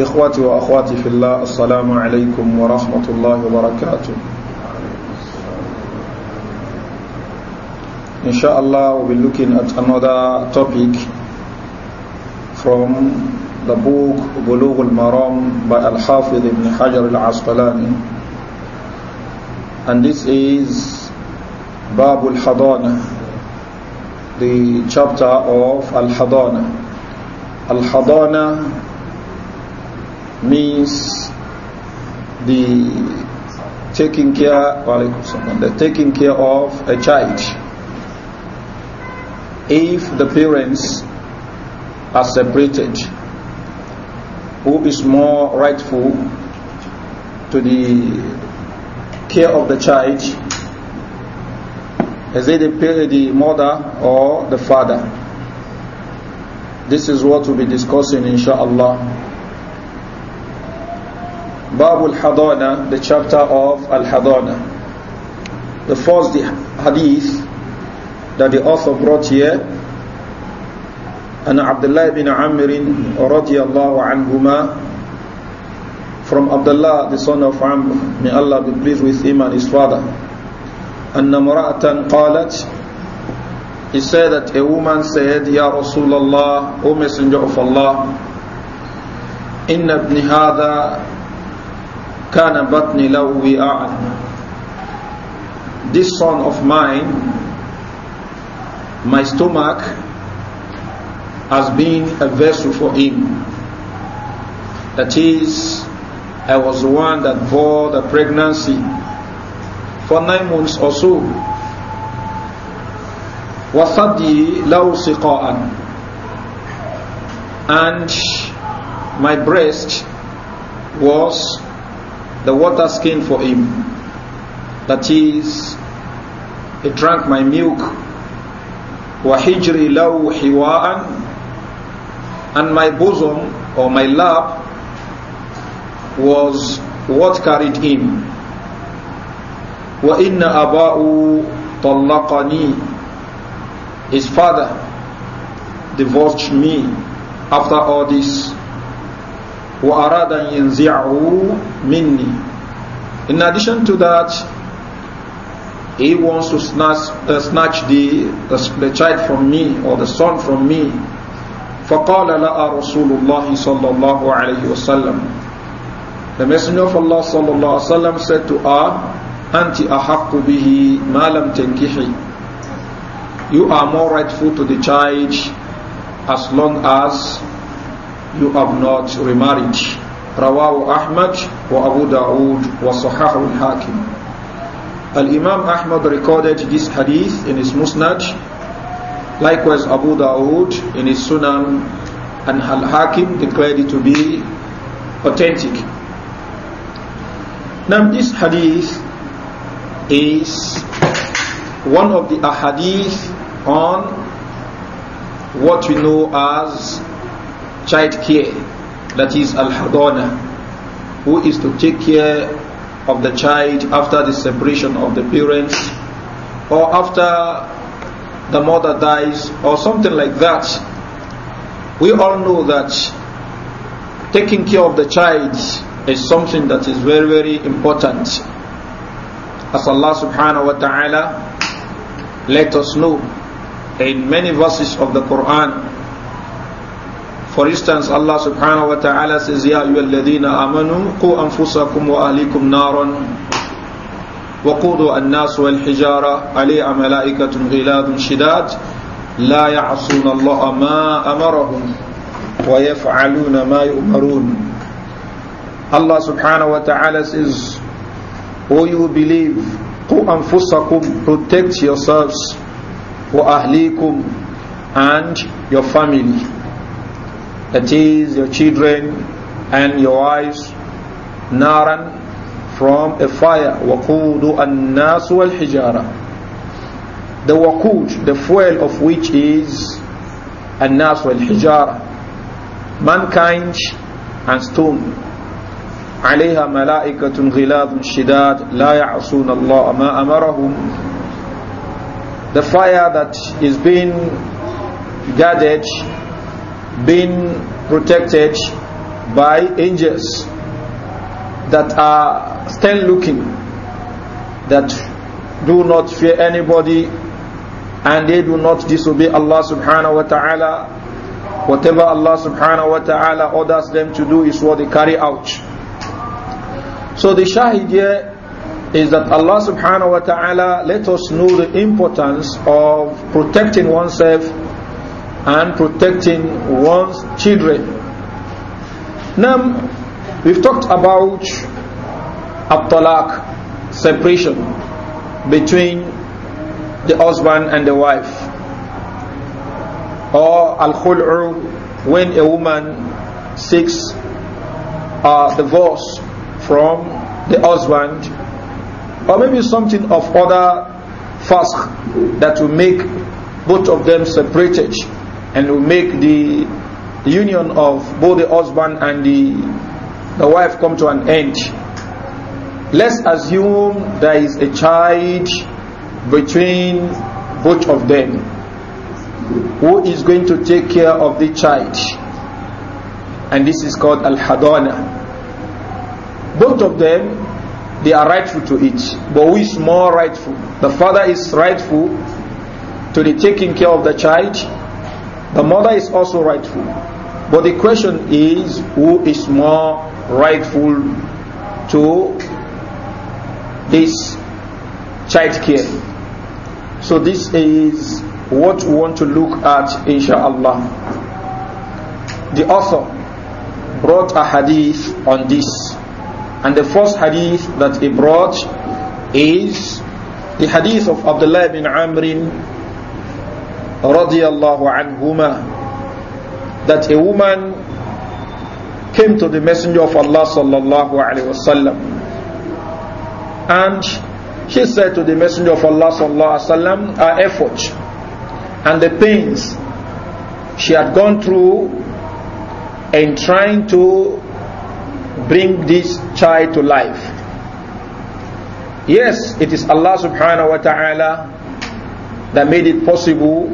إخواتي وأخواتي في الله السلام عليكم ورحمة الله وبركاته Inshallah we'll be looking at another topic from the book بلوغ المرام maram by al ابن ibn Hajar al-Asqalani and this is باب الحضانة hadana the chapter of Al-Hadana Al-Hadana means the taking care the taking care of a child if the parents are separated who is more rightful to the care of the child is it the, the mother or the father this is what we'll be discussing inshallah باب Hadana, the chapter of Al Hadana. The first hadith that the author brought here, الله Abdullah ibn رضي radiallahu عنهما from Abdullah the son of Amr, may Allah be pleased with him and his father. أن مرأة قالت He said that a woman said, Ya Rasulullah, O Messenger of Allah, إن ابن هذا كان بطني لو أعلم This son of mine, my stomach has been a vessel for him. That is, I was the one that bore the pregnancy for nine months or so. وَصَدِّي لَوْ سِقَاءً And my breast was the water skin for him. That is, he drank my milk. وَحِجْرِ لَوْ حِوَاءً And my bosom or my lap was what carried him. وَإِنَّ أَبَاءُ طَلَّقَنِي His father divorced me after all this. وأراد أن ينزعه مني In addition to that, he wants to snatch, uh, snatch the, the, the child from me or the son from me. فقال لأ رسول الله صلى الله عليه وسلم The Messenger of Allah صلى الله عليه وسلم said to her, أنت أحق به ما لم تنكحي You are more rightful to the child as long as you have not remarried. Rawahu Ahmad wa Abu Dawood wa Sahahu al-Hakim. Al-Imam Ahmad recorded this hadith in his Musnad, likewise Abu Daoud in his Sunan, and Al-Hakim declared it to be authentic. Now this hadith is one of the ahadith on what we know as child care, that is al-hadana, who is to take care of the child after the separation of the parents or after the mother dies or something like that. We all know that taking care of the child is something that is very, very important. As Allah subhanahu wa ta'ala let us know in many verses of the Quran For instance, Allah subhanahu wa ta'ala says, Ya ayyuhalladhina amanu, ku anfusakum wa ahlikum naran, وقودوا الناس والحجارة عليها ملائكة غلاظ شداد لا يعصون الله ما أمرهم ويفعلون ما يؤمرون Allah subhanahu wa ta'ala says O you believe ku anfusakum Protect yourselves Wa ahlikum And your family that is your children and your wives naran from a fire waqudu an-nas wal hijara the waqud the fuel of which is an-nas wal hijara mankind and stone عليها ملائكة غلاظ شداد لا يعصون الله ما أمرهم the fire that is being guarded being protected by angels that are still looking, that do not fear anybody, and they do not disobey Allah subhanahu wa ta'ala. Whatever Allah subhanahu wa ta'ala orders them to do is what they carry out. So the shahid here is that Allah subhanahu wa ta'ala let us know the importance of protecting oneself and protecting one's children. Now, we've talked about at separation between the husband and the wife, or al-khul'u, when a woman seeks a uh, divorce from the husband, or maybe something of other fast that will make both of them separated and will make the union of both the husband and the, the wife come to an end. Let's assume there is a child between both of them. Who is going to take care of the child? And this is called Al-Hadana. Both of them, they are rightful to it. But who is more rightful? The father is rightful to the taking care of the child the mother is also rightful. But the question is who is more rightful to this child care? So this is what we want to look at inshallah. The author brought a hadith on this. And the first hadith that he brought is the hadith of Abdullah bin Amr radiallahu anhuma that a woman came to the messenger of Allah sallallahu alaihi wasallam and she said to the messenger of Allah sallallahu alaihi wasallam her efforts and the pains she had gone through in trying to bring this child to life yes it is Allah subhanahu wa ta'ala that made it possible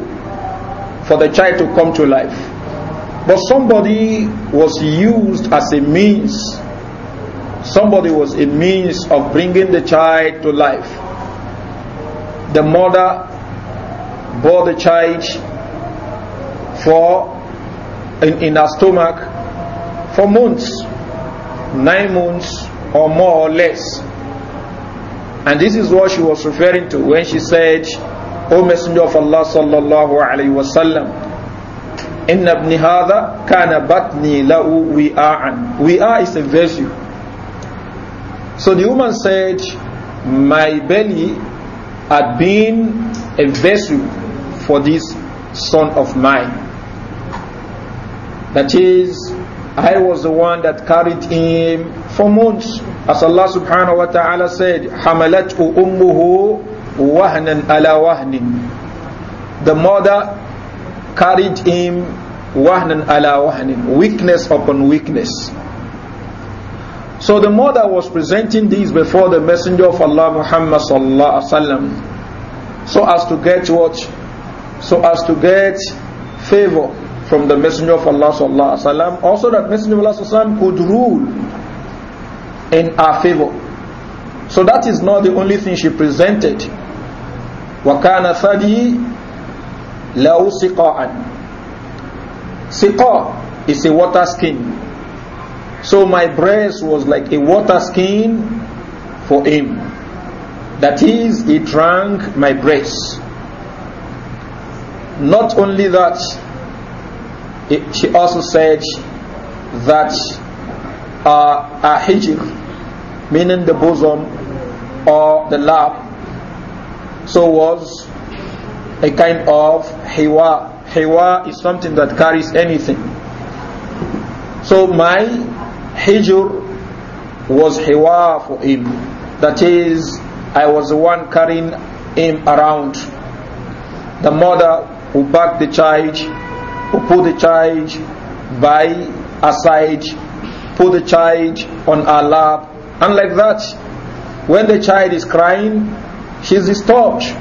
for the child to come to life. But somebody was used as a means, somebody was a means of bringing the child to life. The mother bore the child for in, in her stomach for months, nine months or more or less. And this is what she was referring to when she said O Messenger of Allah sallallahu alayhi wa sallam, إن ابن هذا كان بطني له وعاء وعاء is a vessel so the woman said my belly had been a vessel for this son of mine that is I was the one that carried him for months as Allah subhanahu wa ta'ala said حملته أمه wahnan ala wahnin. The mother carried him wahnan ala wahnin, weakness upon weakness. So the mother was presenting these before the messenger of Allah Muhammad sallallahu alaihi wasallam, so as to get what, so as to get favor from the messenger of Allah sallallahu alaihi wasallam. Also, that messenger of Allah sallallahu alaihi wasallam could rule in our favor. So that is not the only thing she presented. وكان ثدي له سقاء سقاء is a water skin so my breast was like a water skin for him that is he drank my breast not only that it, she also said that uh, a hijr meaning the bosom or the lap so was a kind of hiwa. Hiwa is something that carries anything. So my hijr was hiwa for him. That is, I was the one carrying him around. The mother who backed the child, who put the child by her side, put the child on her lap, and like that. When the child is crying, She's his torch.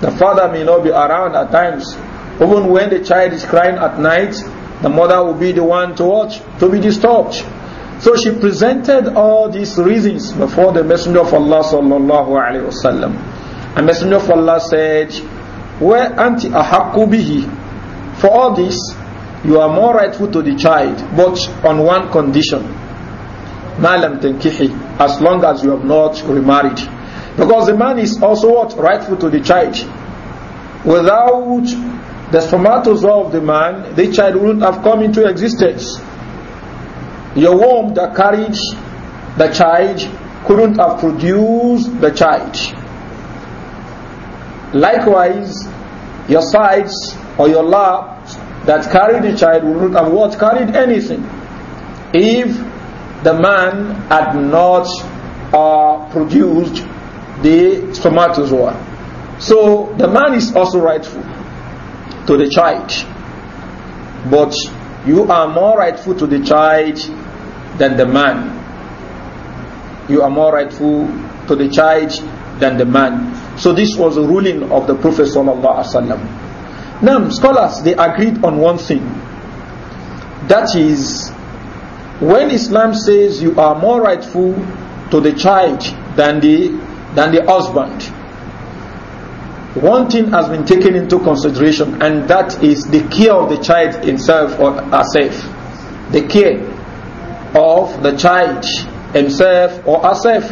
The father may not be around at times. Even when the child is crying at night, the mother will be the one to watch, to be disturbed. So she presented all these reasons before the Messenger of Allah sallallahu alaihi wasallam. And Messenger of Allah said, "Where anti ahakubihi? For all this, you are more rightful to the child, but on one condition: malam tenkihi, as long as you have not remarried." Because the man is also what? Rightful to the child. Without the spermatozoa of the man, the child wouldn't have come into existence. Your womb that carried the child couldn't have produced the child. Likewise, your sides or your lap that carried the child would not have what carried anything if the man had not uh, produced the spermatozoa. So the man is also rightful to the child. But you are more rightful to the child than the man. You are more rightful to the child than the man. So this was a ruling of the Prophet Now scholars they agreed on one thing. That is when Islam says you are more rightful to the child than the than the husband. One thing has been taken into consideration, and that is the care of the child himself or herself. The care of the child himself or herself.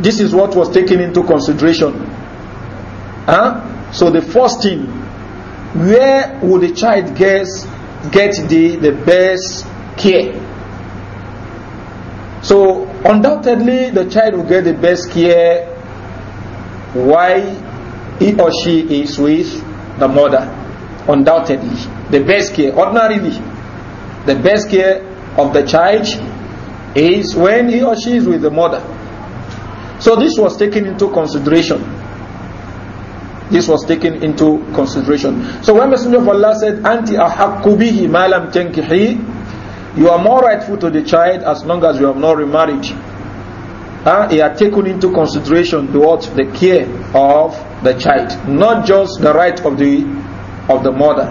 This is what was taken into consideration. Huh? So the first thing, where will the child guess, get the, the best care? So Undoubtedly, the child will get the best care why he or she is with the mother. Undoubtedly, the best care, ordinarily, the best care of the child is when he or she is with the mother. So this was taken into consideration. This was taken into consideration. So when Messenger of Allah said, "Anti ahakkubihi malam tenkihi," You are more rightful to the child as long as you have not remarried. Huh? He had taken into consideration towards what the care of the child, not just the right of the of the mother.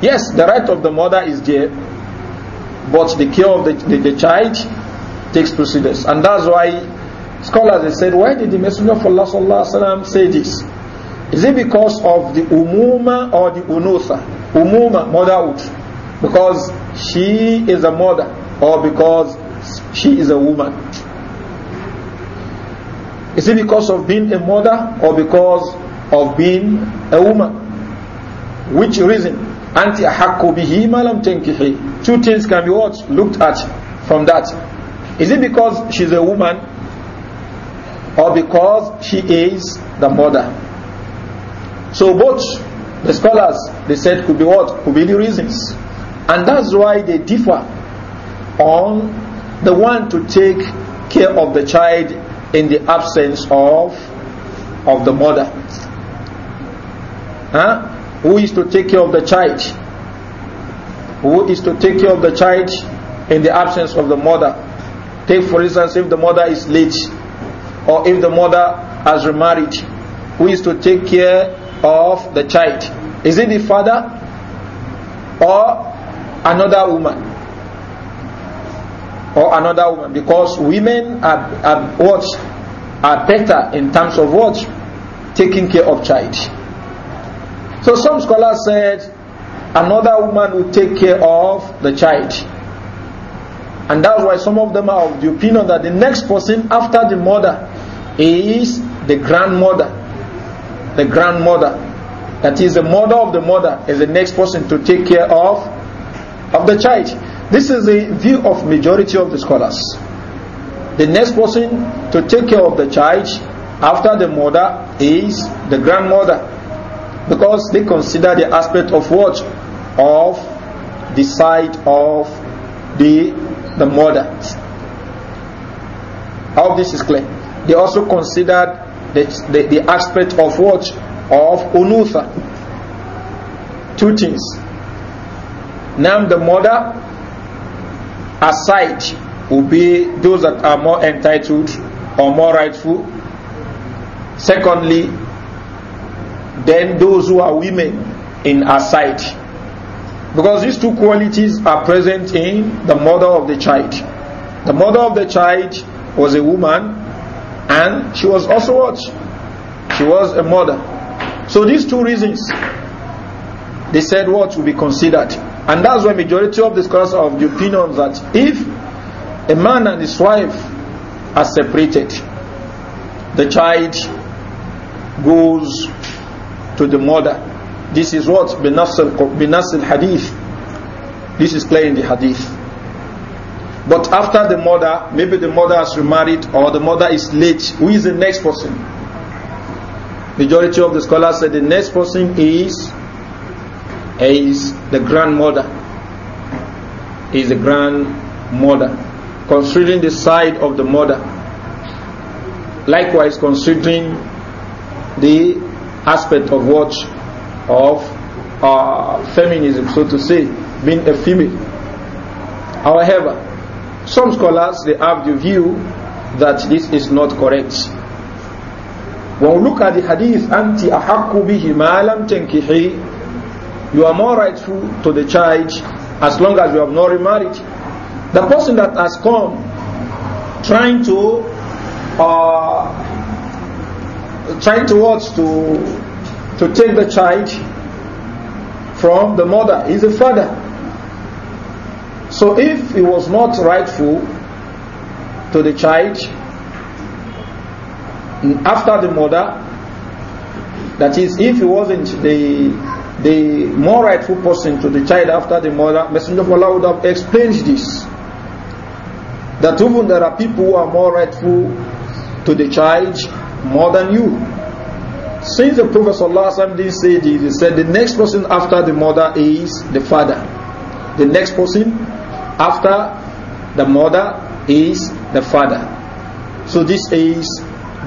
Yes, the right of the mother is there, but the care of the, the, the child takes precedence. And that's why scholars they said, why did the Messenger of Allah say this? Is it because of the umuma or the unutha? Umuma, motherhood. Because she is a mother or because she is a woman? Is it because of being a mother or because of being a woman? Which reason? Anti malam Two things can be what? Looked at from that. Is it because she's a woman or because she is the mother? So both the scholars, they said could be what? Could be the reasons. And that's why they differ on the one to take care of the child in the absence of of the mother. Huh? Who is to take care of the child? Who is to take care of the child in the absence of the mother? Take for instance if the mother is late or if the mother has remarried, who is to take care of the child? Is it the father or another woman or another woman because women are, are what are better in terms of what taking care of child. So some scholars said another woman will take care of the child. And that's why some of them are of the opinion that the next person after the mother is the grandmother. The grandmother. That is the mother of the mother is the next person to take care of of the child. This is the view of majority of the scholars. The next person to take care of the child after the mother is the grandmother because they consider the aspect of what? Of the side of the, the mother. All this is clear. They also considered the, the, the aspect of what? Of unutha. Two things now the mother aside will be those that are more entitled or more rightful. Secondly, then those who are women in aside, Because these two qualities are present in the mother of the child. The mother of the child was a woman and she was also what? She was a mother. So these two reasons, they said what will be considered. And that's why majority of the scholars are of the opinion that if a man and his wife are separated, the child goes to the mother. This is what Binas al-Hadith. This is clear in the Hadith. But after the mother, maybe the mother has remarried or the mother is late, who is the next person? Majority of the scholars say the next person is is the grandmother. Is the grandmother. Considering the side of the mother. Likewise, considering the aspect of what of uh, feminism, so to say, being a female. However, some scholars they have the view that this is not correct. When we look at the hadith, "Anti ahakubi himalam tenkihi," you are more rightful to the child as long as you have not remarried. The person that has come trying to uh, trying towards to to take the child from the mother is the father. So if he was not rightful to the child after the mother, that is, if he wasn't the the more rightful person to the child after the mother, Messenger of Allah would have explained this. That even there are people who are more rightful to the child more than you. Since the Prophet ﷺ didn't say this, he said the next person after the mother is the father. The next person after the mother is the father. So this is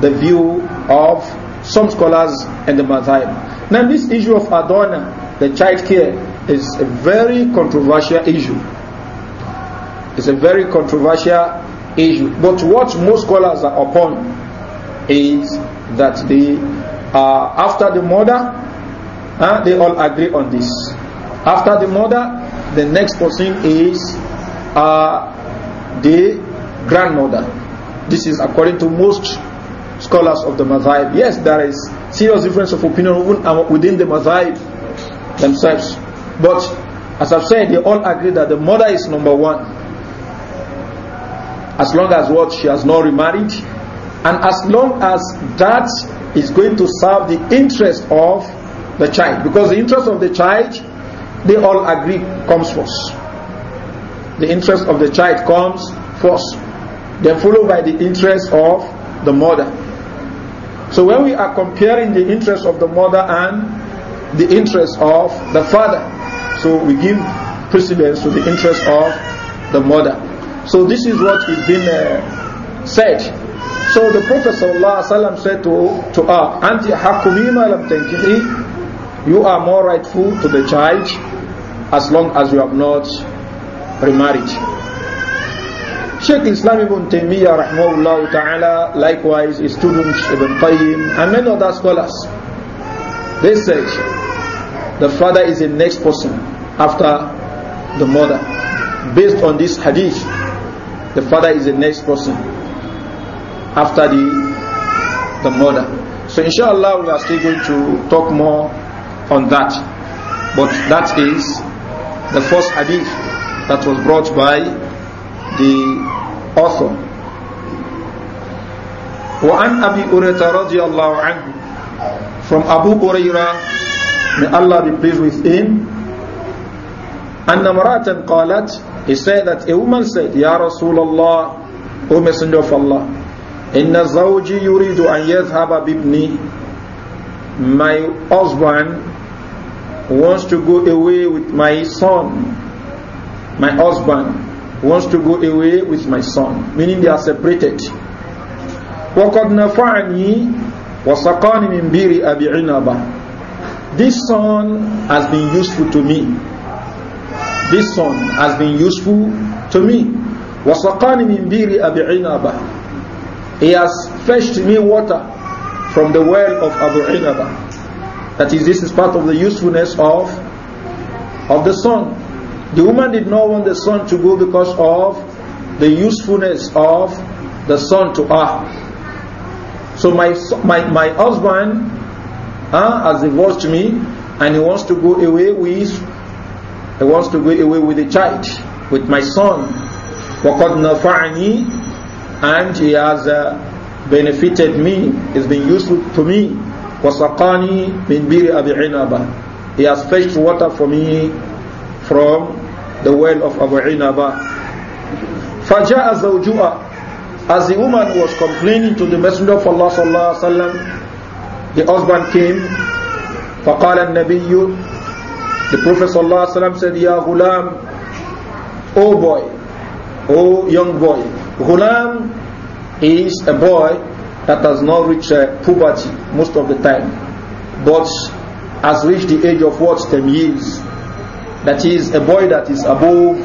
the view of some scholars and the Mazahib. Now this issue of adona, the child care, is a very controversial issue. It's a very controversial issue. But what most scholars are upon is that the uh, after the mother, uh, they all agree on this. After the mother, the next person is uh, the grandmother. This is according to most scholars of the Madhab. Yes, there is serious difference of opinion even within the mazahib themselves. But as I've said, they all agree that the mother is number one. As long as what she has not remarried, and as long as that is going to serve the interest of the child, because the interest of the child, they all agree, comes first. The interest of the child comes first, then followed by the interest of the mother. So when we are comparing the interest of the mother and the interest of the father, so we give precedence to the interest of the mother. So this is what is has uh, said. So the Prophet ﷺ said to, to her, Anti hakumima lam tankihi, you are more rightful to the child as long as you have not remarried. Sheikh Islam ibn Taymiyyah rahmahullah ta'ala, likewise his students Ibn Qayyim and many other scholars, they say the father is the next person after the mother. Based on this hadith, the father is the next person after the, the mother. So inshallah we are still going to talk more on that. But that is the first hadith that was brought by the author. وعن أبي رضي الله عنه from Abu Huraira may Allah be pleased with him أن امرأة قالت he said that a woman said يا رسول الله O Messenger of Allah إن زوجي يريد أن يذهب بابني my husband wants to go away with my son my husband wants to go away with my son, meaning they are separated. وَقَدْ نَفَعَنِي وَسَقَانِ مِنْ بِيرِ أَبِي عِنَبَ This son has been useful to me. This son has been useful to me. وَسَقَانِ مِنْ بِيرِ أَبِي عِنَبَ He has fetched me water from the well of Abu Inaba. That is, this is part of the usefulness of, of the son. The woman did not want the son to go because of the usefulness of the son to her. So my my my husband uh, has divorced me, and he wants to go away with he wants to go away with the child, with my son. وَقَدْ نَفَعَنِي And he has uh, benefited me, he's been useful to me. وَسَقَانِي مِنْ بِيرِ أَبِعِنَبَ He has fetched water for me from the well of Abu Inaba. Faja'a zawju'a. As the woman was complaining to the Messenger of Allah sallallahu alaihi wasallam, the husband came. فقال النبي The Prophet sallallahu alaihi wasallam said, Ya ghulam, oh boy, oh young boy. Ghulam is a boy that has not reached uh, puberty most of the time, but has reached the age of what? 10 years. That is, a boy that is above,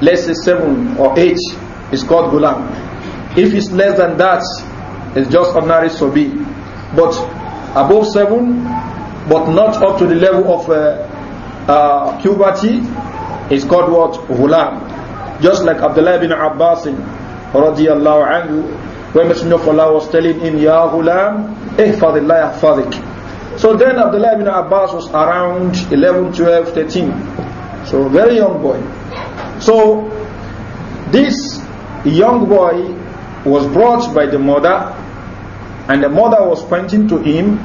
let's say, 7 or 8 is called gulam. If it's less than that, it's just ordinary sobi. But above 7, but not up to the level of uh, uh, puberty, is called what? Gulam. Just like Abdullah bin Abbas radiallahu anhu, when Messenger of Allah was telling him, Ya gulam, ihfadillah yahfadik. So then Abdullah bin Abbas was around 11, 12, 13. So very young boy. So this young boy was brought by the mother and the mother was pointing to him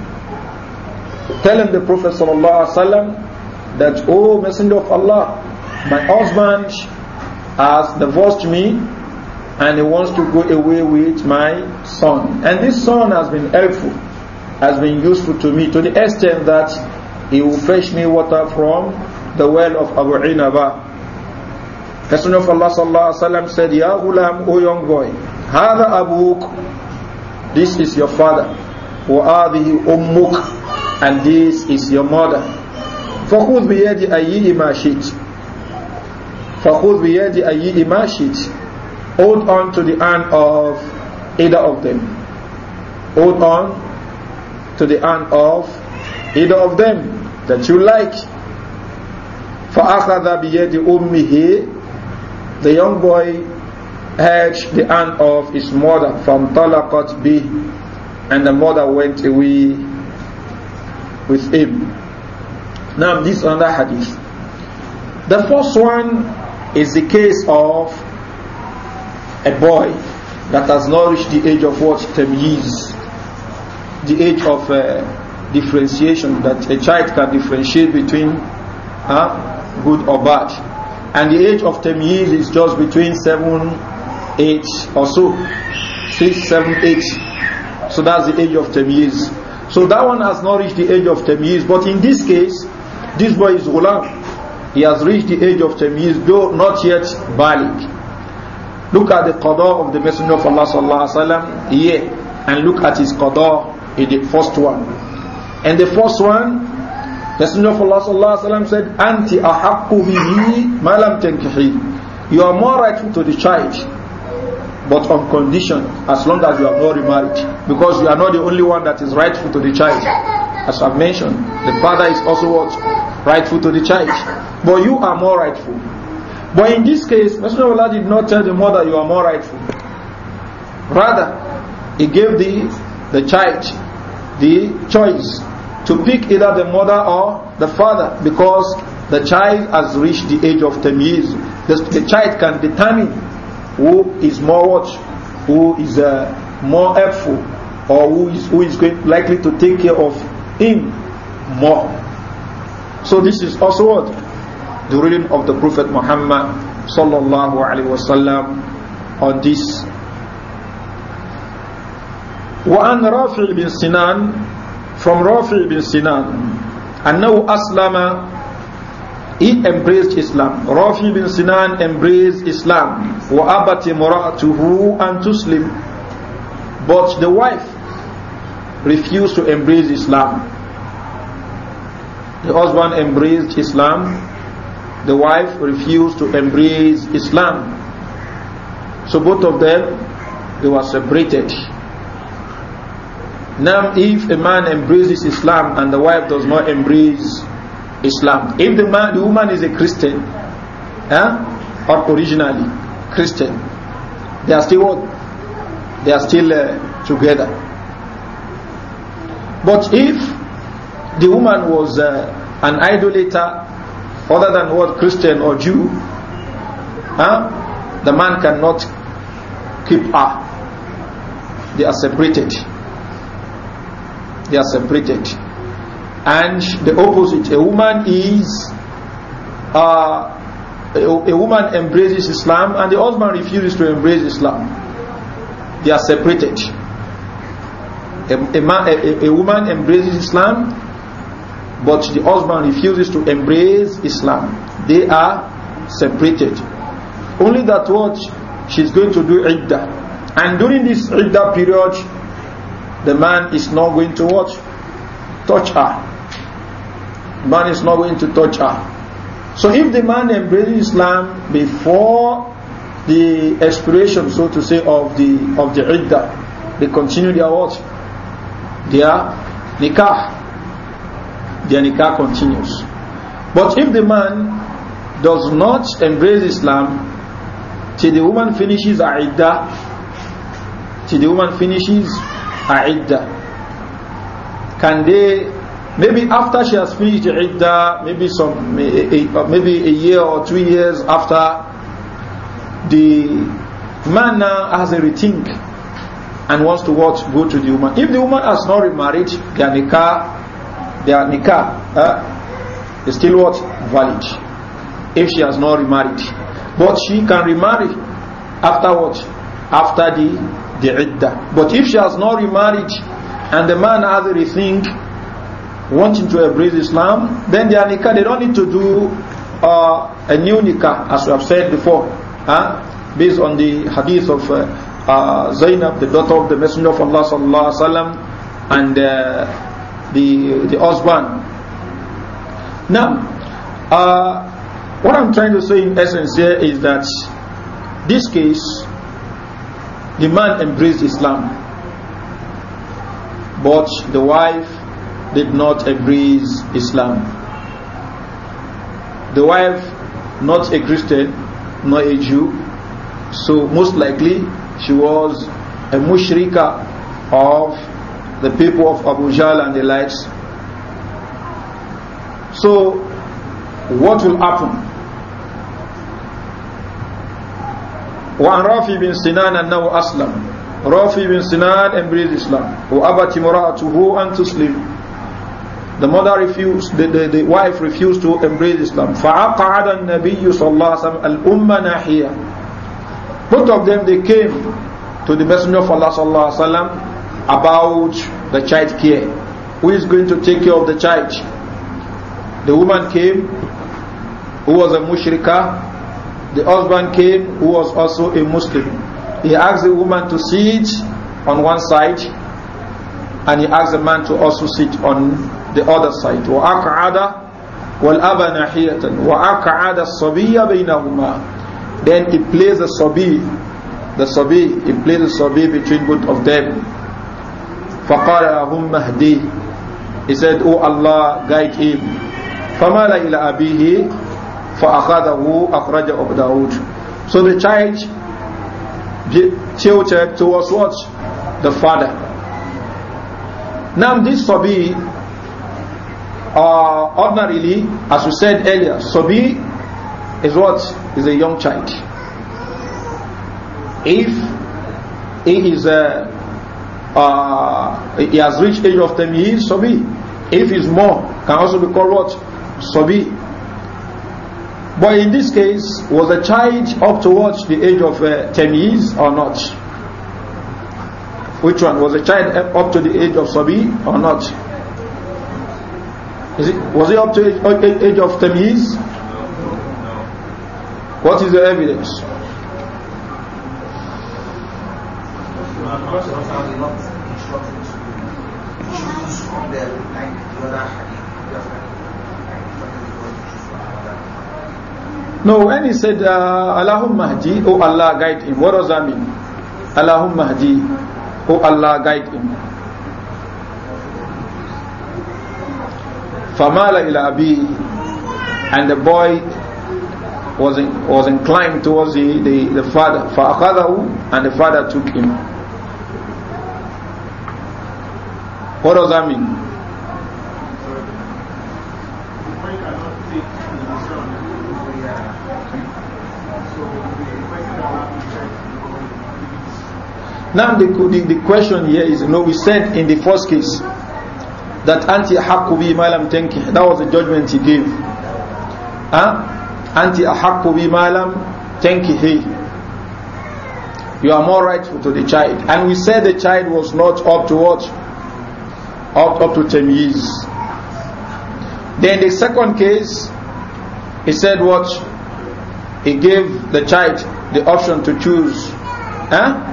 telling the Prophet wasallam that oh, Messenger of Allah my husband has divorced me and he wants to go away with my son and this son has been helpful has been useful to me to the extent that he will fetch me water from the well of Abu Inaba. Messenger of Allah sallallahu alaihi wasallam said, Ya ghulam, O young boy, hada abuk, this is your father, wa adhihi ummuk, and this is your mother. فَخُذْ بِيَدِ أَيِّهِ مَا شِئْتِ فَخُذْ بِيَدِ أَيِّهِ مَا شِئْتِ Hold on to the hand of either of them. Hold on to the hand of either of them that you like. فَأَخَذَ بِيَدِ أُمِّهِ The young boy held the hand of his mother from Talaqat B and the mother went away with him. Now this another hadith. The first one is the case of a boy that has not reached the age of what? years, The age of uh, differentiation, that a child can differentiate between uh, good or bad. And the age of years is just between 7, 8 or so. 6, 7, 8. So that's the age of years. So that one has not reached the age of years. But in this case, this boy is ghulam. He has reached the age of years, though not yet balik. Look at the qada of the Messenger of Allah sallallahu alaihi wasallam here, and look at his qada in the first one. And the first one, Messenger of Allah sallallahu alaihi wasallam said, "Anti ahaqqu bihi ma lam tankihi." You are more rightful to the child, but on condition as long as you are not remarried, because you are not the only one that is rightful to the child. As I've mentioned, the father is also what rightful to the child, but you are more rightful. But in this case, Messenger of Allah did not tell the mother you are more rightful. Rather, he gave the the child the choice to pick either the mother or the father because the child has reached the age of 10 years. The, the child can determine who is more watch, who is uh, more helpful, or who is, who is likely to take care of him more. So this is also what the reading of the Prophet Muhammad sallallahu alaihi wasallam on this. وعن رافع بن سنان from Rafi bin Sinan and now Aslama he embraced Islam Rafi bin Sinan embraced Islam Wa وَأَبَتِ مُرَأَتُهُ أَن tuslim but the wife refused to embrace Islam the husband embraced Islam the wife refused to embrace Islam so both of them they were separated now, if a man embraces Islam and the wife does not embrace Islam, if the man, the woman is a Christian, eh, or originally Christian, they are still what? They are still uh, together. But if the woman was uh, an idolater other than what Christian or Jew, huh? the man cannot keep her. They are separated they are separated. And the opposite, a woman is, uh, a, a woman embraces Islam and the husband refuses to embrace Islam. They are separated. A, a, man, a, a, woman embraces Islam but the husband refuses to embrace Islam they are separated only that what she's going to do iddah and during this iddah period the man is not going to watch, touch her. man is not going to touch her. So if the man embraces Islam before the expiration, so to say, of the of the iddah, they continue their watch, their nikah, their nikah continues. But if the man does not embrace Islam till the woman finishes her iddah, till the woman finishes Aida. Can they, maybe after she has finished Aida, maybe some, maybe a year or two years after, the man now has a rethink and wants to what? Go to the woman. If the woman has not remarried, their nikah, their nikah uh, is still what? Valid. If she has not remarried. But she can remarry after what? After the the iddah. But if she has not remarried and the man has rethink wanting to embrace Islam, then their nikah, they don't need to do uh, a new nikah, as we have said before, huh? based on the hadith of uh, uh, Zainab, the daughter of the Messenger of Allah sallallahu alaihi wasallam, and uh, the the husband. Now, uh, what I'm trying to say in essence here is that this case the man embraced Islam, but the wife did not embrace Islam. The wife, not a Christian, nor a Jew, so most likely she was a mushrika of the people of Abu Jahl and the likes. So, what will happen? وعن رافي بن سنان أنه أسلم رافي بن Sinan embraced Islam وأبت and أن تسلم The mother refused, the, the, the wife refused to embrace Islam. فَعَقَعَدَ النَّبِيُّ صَلَّى اللَّهُ عَلَيْهِ وَسَلَّمَ الْأُمَّ نَاحِيَةً Both of them, they came to the Messenger of Allah sallallahu alaihi wasallam about the child care. Who is going to take care of the child? The woman came, who was a mushrikah, the husband came who was also a Muslim. He asked the woman to sit on one side and he asked the man to also sit on the other side. وَأَقْعَدَ والأب ناحية وأقعد الصبي بينهما then he placed the sabi the sabi he placed the sabi between both of them فقال لهم مهدي he said oh Allah guide him فمال إلى أبيه فأخذه أخرج أبو داود so the child tilted towards what? the father now this sobi, uh, ordinarily as we said earlier sobi is what? is a young child if he is a uh, uh, he has reached age of 10 years sobi. if he's more can also be called what? sobi. But in this case, was a child up towards the age of uh, 10 years or not? Which one? Was a child up to the age of Sabi or not? It, was he up to uh, age, age of 10 years? What is the evidence? No, when he said, uh, Allahumma hadi, oh Allah guide him, what does that mean? Allahumma hadi, oh Allah guide him. Famala ila abi, and the boy was, in, was inclined towards the, the, the father. Fa'akadahu, and the father took him. What does that mean? Now the, the, the question here is, you know, we said in the first case that anti hakubi malam tenki. That was the judgment he gave. Huh? Anti hakubi malam tenki he. You are more rightful to the child. And we said the child was not up to what? Up, up to 10 years. Then the second case, he said what? He gave the child the option to choose. Huh?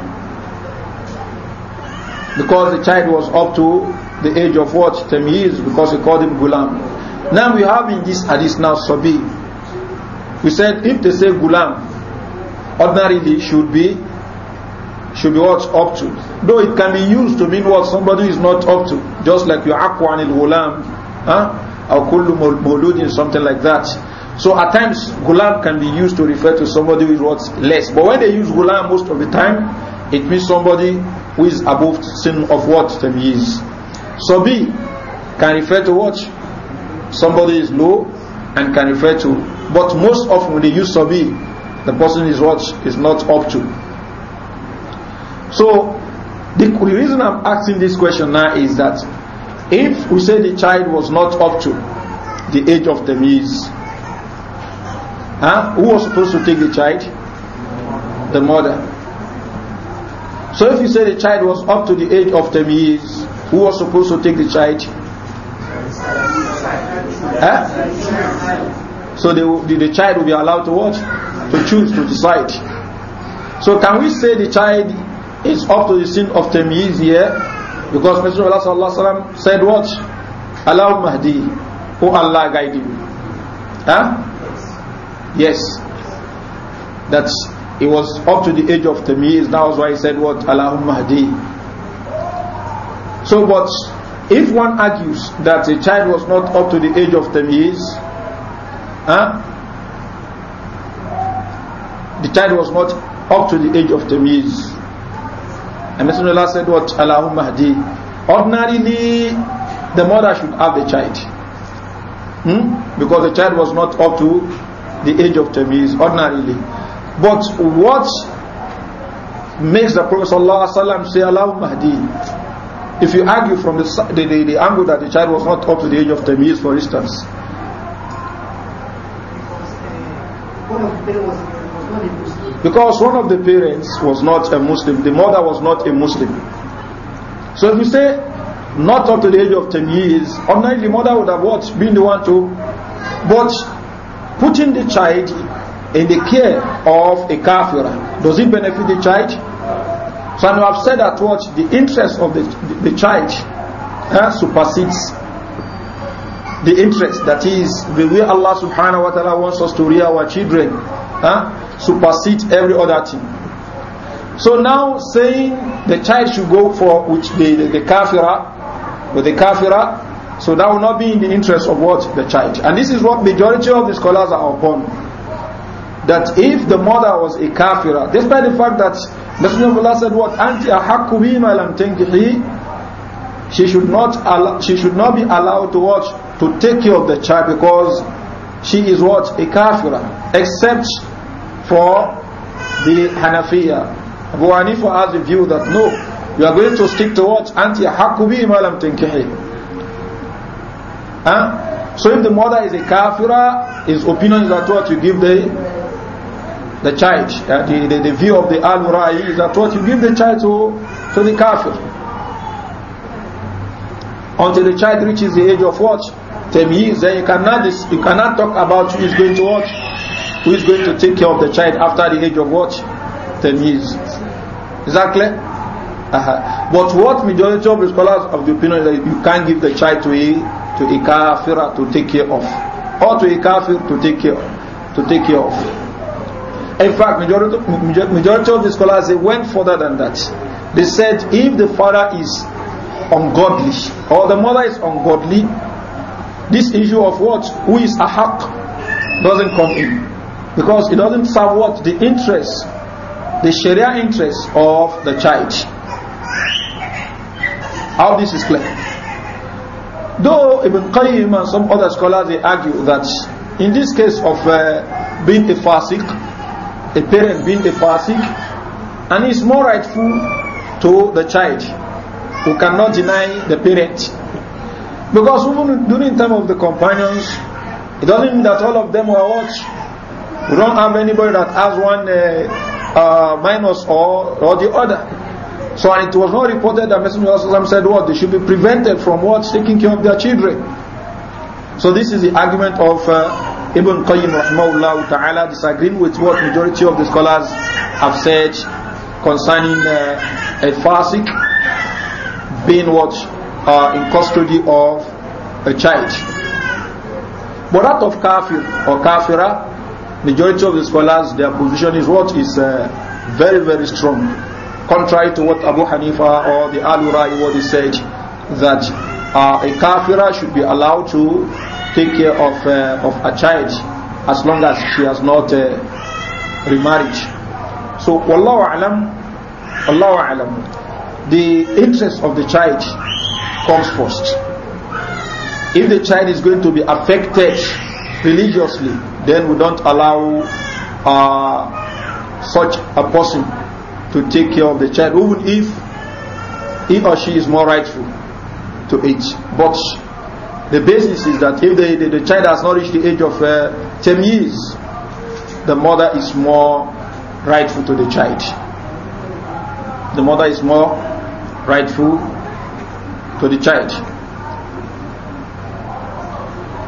because the child was up to the age of what? 10 years because he called him Gulam. Now we have in this hadith now Sabi. We said if they say Gulam, ordinarily should be should be what up to. Though it can be used to mean what somebody is not up to, just like your Akwanil Gulam, huh? or Kullu Muludin, something like that. So at times Gulam can be used to refer to somebody who is what less. But when they use Gulam most of the time, it means somebody who is above sin of what? So B can refer to what? Somebody is low and can refer to. But most often when they use Sabi, the person is what? Is not up to. So, the reason I'm asking this question now is that if we say the child was not up to the age of Tabiz, huh? who was supposed to take the child? The mother. So if you say the child was up to the age of 10 years, who was supposed to take the child? Huh? So the, the, the child will be allowed to what? To choose, to decide. So can we say the child is up to the sin of 10 years here? Because Messenger of Allah said what? Allah Mahdi, O Allah guide him. Huh? Yes. That's He was up to the age of Tamiz. That was why he said what? Allahumma hadi. So but if one argues that a child was not up to the age of Tamiz, huh? the child was not up to the age of Tamiz. And Messenger of Allah said what? Allahumma hadi. Ordinarily, the mother should have the child. Hmm? Because the child was not up to the age of Tamiz, ordinarily. But what makes the Prophet ﷺ say, Allahu Mahdi? If you argue from the, the, the, the, angle that the child was not up to the age of 10 years, for instance. Because one of the parents was not a Muslim. the mother was not a Muslim. So if you say, not up to the age of 10 years, ordinarily the mother would have what? Been the one to. But putting the child in the care of a kafira. Does it benefit the child? So I have said that what the interest of the, the, the child uh, supersedes the interest that is the way Allah subhanahu wa ta'ala wants us to rear our children uh, supersedes every other thing. So now saying the child should go for which the, the, the kafira with the kafira so that will not be in the interest of what? The child. And this is what majority of the scholars are upon. that if the mother was a kafira, despite the fact that Messenger of Allah said what anti ahakku bima lam tankihi, she should not allow, she should not be allowed to watch to take care of the child because she is what a kafira, except for the Hanafiya. Abu Hanifa has the view that no, you are going to stick to what anti ahakku bima lam tankihi. Huh? So if the mother is a kafira, his opinion is that what you give the the child. Uh, the, the, the, view of the Al-Murai is that what you give the child to, to the kafir. Until the child reaches the age of what? Ten years, then you cannot, you cannot talk about who is going to what? Who is going to take care of the child after the age of what? Ten years. Is that clear? Uh -huh. But what majority of the scholars of the opinion is that you can't give the child to a, to a kafir to take care of. Or to a kafir to take care, to take care of. In fact, majority, majority of the scholars, they went further than that. They said, if the father is ungodly, or the mother is ungodly, this issue of what? Who is a haq doesn't come in. Because it doesn't serve what? The interest, the Sharia interest of the child. How this is clear. Though Ibn Qayyim and some other scholars, they argue that in this case of uh, being a fasiq. a parent being a Fasik, and is more rightful to the child who cannot deny the parent. Because even during time of the companions, it doesn't mean that all of them were what? We don't have anybody that has one uh, uh, minus or, or the other. So and it was not reported that Messenger of said what? They should be prevented from what? Taking care of their children. So this is the argument of uh, Ibn Qayyim rahimahullah ta'ala disagreeing with what majority of the scholars have said concerning uh, a Farsiq being what uh, in custody of a child. But that of Kafir or Kafira, majority of the scholars, their position is what is uh, very, very strong. Contrary to what Abu Hanifa or the Al-Urai what he said, that uh, a Kafira should be allowed to take care of uh, of a child as long as she has not uh, remarried. So, wallahu alam, wallahu alam, the interest of the child comes first. If the child is going to be affected religiously, then we don't allow uh, such a person to take care of the child, even if he or she is more rightful to it. But the basis is that if the, the, the child has not reached the age of uh, 10 years, the mother is more rightful to the child. The mother is more rightful to the child.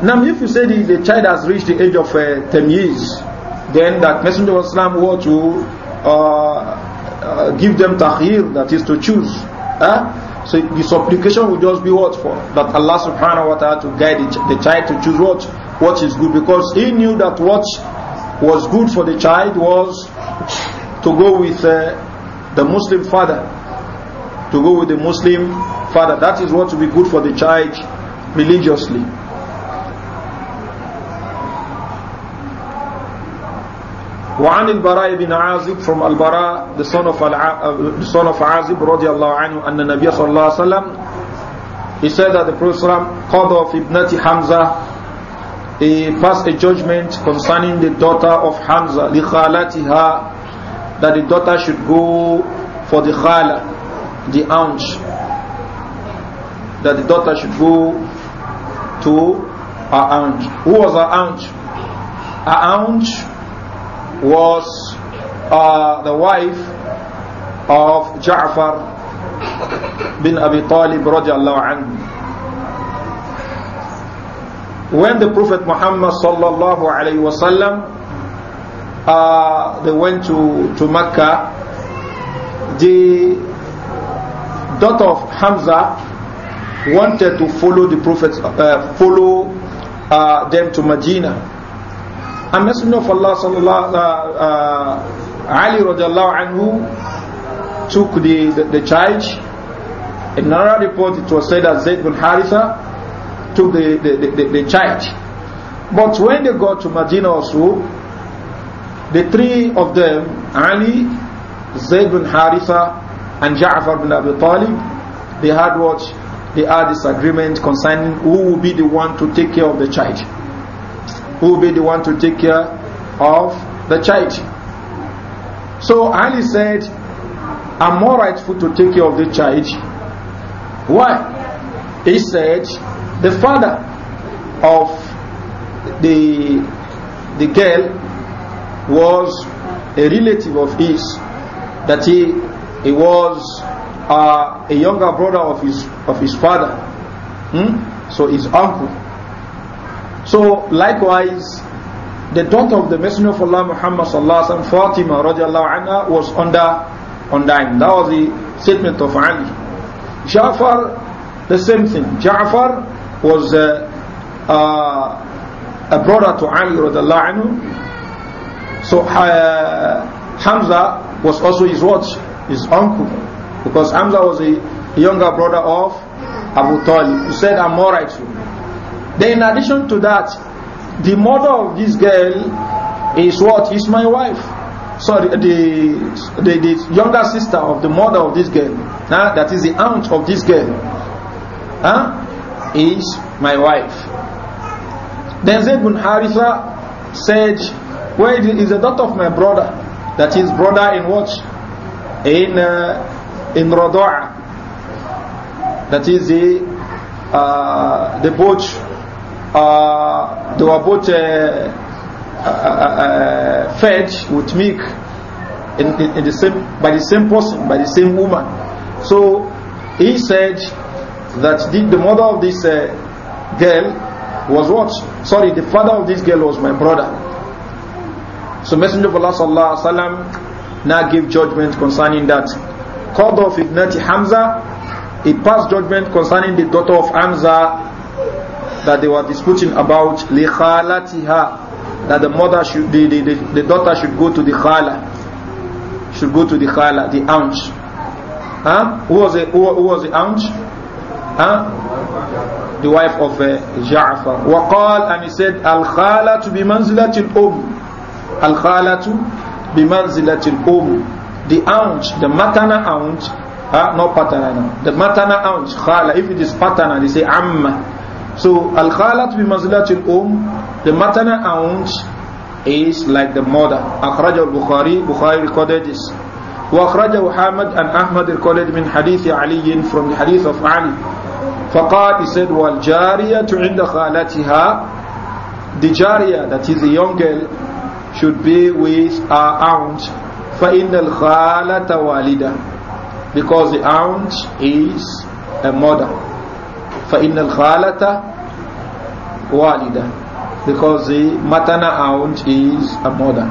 Now, if you say the, the child has reached the age of uh, 10 years, then that Messenger of Islam were to uh, uh, give them tahir, that is to choose. Huh? So the supplication will just be what for? That Allah subhanahu wa ta'ala to guide the, the child to choose what? What is good. Because he knew that what was good for the child was to go with uh, the Muslim father. To go with the Muslim father. That is what will be good for the child religiously. وعن البراء بن عازب from البراء the son of the son of عازب رضي الله عنه أن النبي صلى الله عليه وسلم he said that the Prophet قضى في ابنة حمزة he passed a judgment concerning the daughter of حمزة لخالتها that the daughter should go for the khala the aunt that the daughter should go to her aunt who was her aunt her aunt was uh, the wife of Ja'far bin Abi Talib radiallahu When the Prophet Muhammad sallallahu alayhi wasallam uh, they went to, to Mecca, the daughter of Hamza wanted to follow the Prophet, uh, follow uh, them to Medina and Messenger of Allah sallallahu uh, uh, Ali radiallahu anhu took the, the, the charge. In another report it was said that Zayd bin Haritha took the, the, the, the, the charge. But when they got to Medina also, the three of them, Ali, Zayd bin Haritha, and Ja'far bin Abi Talib, they had what? They had this agreement concerning who will be the one to take care of the child who will be the one to take care of the child. So Ali said, I'm more rightful to take care of the child. Why? He said, the father of the, the girl was a relative of his, that he, he was uh, a younger brother of his, of his father. Hmm? So his uncle. So likewise, the daughter of the Messenger of Allah Muhammad sallallahu alaihi wasallam, Fatima radiallahu anha, was under under him. That was the statement of Ali. Ja'far, the same thing. Ja'far was uh, uh, a brother to Ali radiallahu anhu. So uh, Hamza was also his what? His uncle. Because Hamza was a younger brother of Abu Talib. He said, I'm more to you. Then in addition to that, the mother of this girl is what? Is my wife. Sorry, the, the, the younger sister of the mother of this girl, huh? that is the aunt of this girl, huh? is my wife. Then Zayd bin Haritha said, well, is the daughter of my brother, that is brother in what? In, uh, in Radu'a, that is the uh, the boat uh, they were both uh, uh, uh, uh, fed with milk in, in, in, the same, by the same person, by the same woman. So he said that the, the mother of this girl was what? Sorry, the father of this girl was my brother. So Messenger of Allah sallallahu alaihi wasallam now gave judgment concerning that. Qadha fitnati Hamza, he passed judgment concerning the daughter of Hamza that they were disputing about tihah, that the mother should, the, the, the, the daughter should go to the khala, should go to the khala, the aunt. Huh? Who was the, who, who was the aunt? Huh? The wife of uh, Ja'far. وقال and he said al بمنزلة to be manzilatil الأم um. um. the aunt, the matana aunt, uh, not paternal, the matana aunt, khala, if it is paternal, they say amma. So Al-Khalat bi Manzilatil um, the maternal aunt is like the mother. Akhraj al-Bukhari, Bukhari recorded this. وأخرجه حامد and Ahmad recorded من حديث علي from the hadith of Ali. فقال he said والجارية عند خالتها the jariya that is the young girl should be with her aunt فإن الخالة والدة because the aunt is a mother فإن الخالة والدة because the maternal aunt is a mother.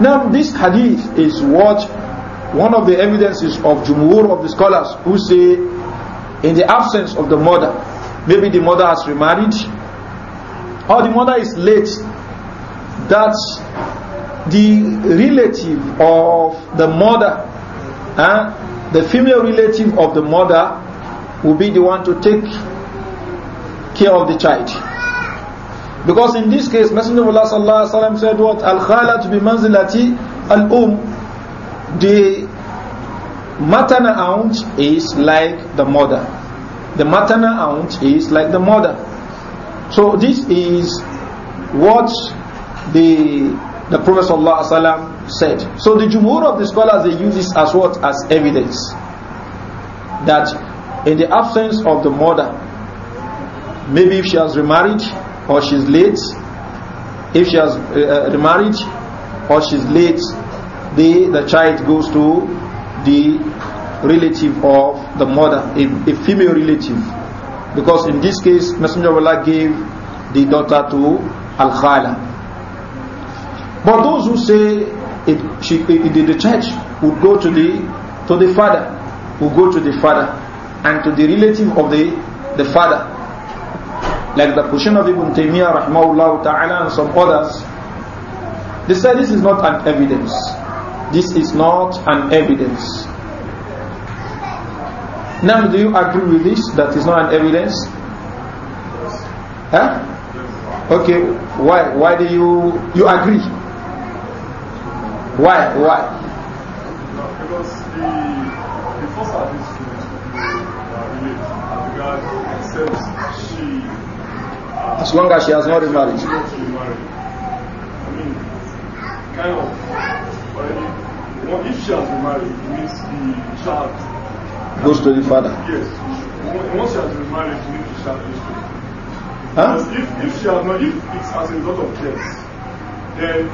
Now this hadith is what one of the evidences of Jumhur of the scholars who say in the absence of the mother, maybe the mother has remarried or the mother is late, that the relative of the mother, eh, the female relative of the mother will be the one to take care of the child. Because in this case, Messenger of Allah sallam, said what? Al-khalatu bi manzilati al-um. The maternal aunt is like the mother. The maternal aunt is like the mother. So this is what the the Prophet ﷺ said. So the jumhur of the scholars they use this as what as evidence that in the absence of the mother, Maybe if she has remarried or she's late, if she has uh, uh remarried or she's late, the, the child goes to the relative of the mother, a, a female relative. Because in this case, Messenger of Allah gave the daughter to Al-Khala. But those who say it, she, it, the church would go to the, to the father, would go to the father and to the relative of the, the father like the position of Ibn Taymiyyah rahmahullah ta'ala and some others, they say this is not an evidence. This is not an evidence. Now, do you agree with this? That is not an evidence? Huh? Okay, why? Why do you you agree? Why? Why? because the, the first uh, uh, she as long as she has not remarried. I mean, kind of, well, if she has remarried, it means the child goes to the father. Yes. Once she has remarried, it means the child goes to the Huh? if, if she has not, if it's as a result of death, then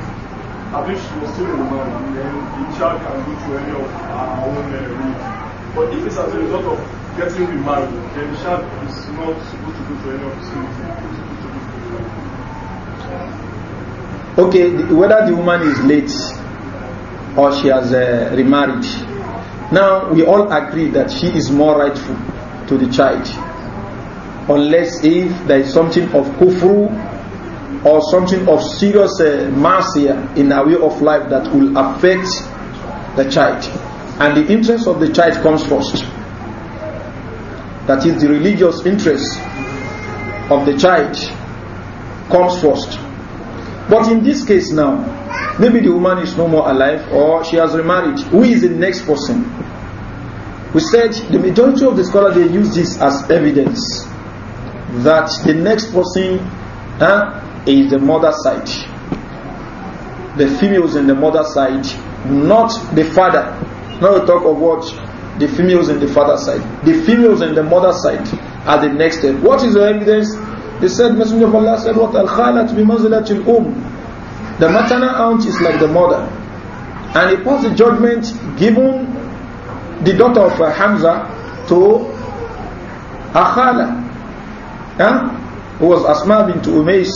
I believe she was still remarried, then the child can go to any of our own marriage. Uh, But if it's as a result of getting remarried, then the child is not supposed to go to any of the schools. okay, whether the woman is late or she has uh, remarried, now we all agree that she is more rightful to the child, unless if there is something of kufru or something of serious uh, in a way of life that will affect the child, and the interest of the child comes first. That is the religious interest of the child comes first but in this case now, maybe the woman is no more alive or she has remarried. Who is the next person? We said the majority of the scholars they use this as evidence that the next person huh, is the mother side. The females in the mother side, not the father. Now we talk of what the females in the father side. The females in the mother side are the next step. What is the evidence? He said, Messenger of Allah said, What? Al khalat bi manzilatil um. The maternal aunt is like the mother. And he passed the judgment given the daughter of uh, Hamza to Akhala, huh? who was Asma bint Umays,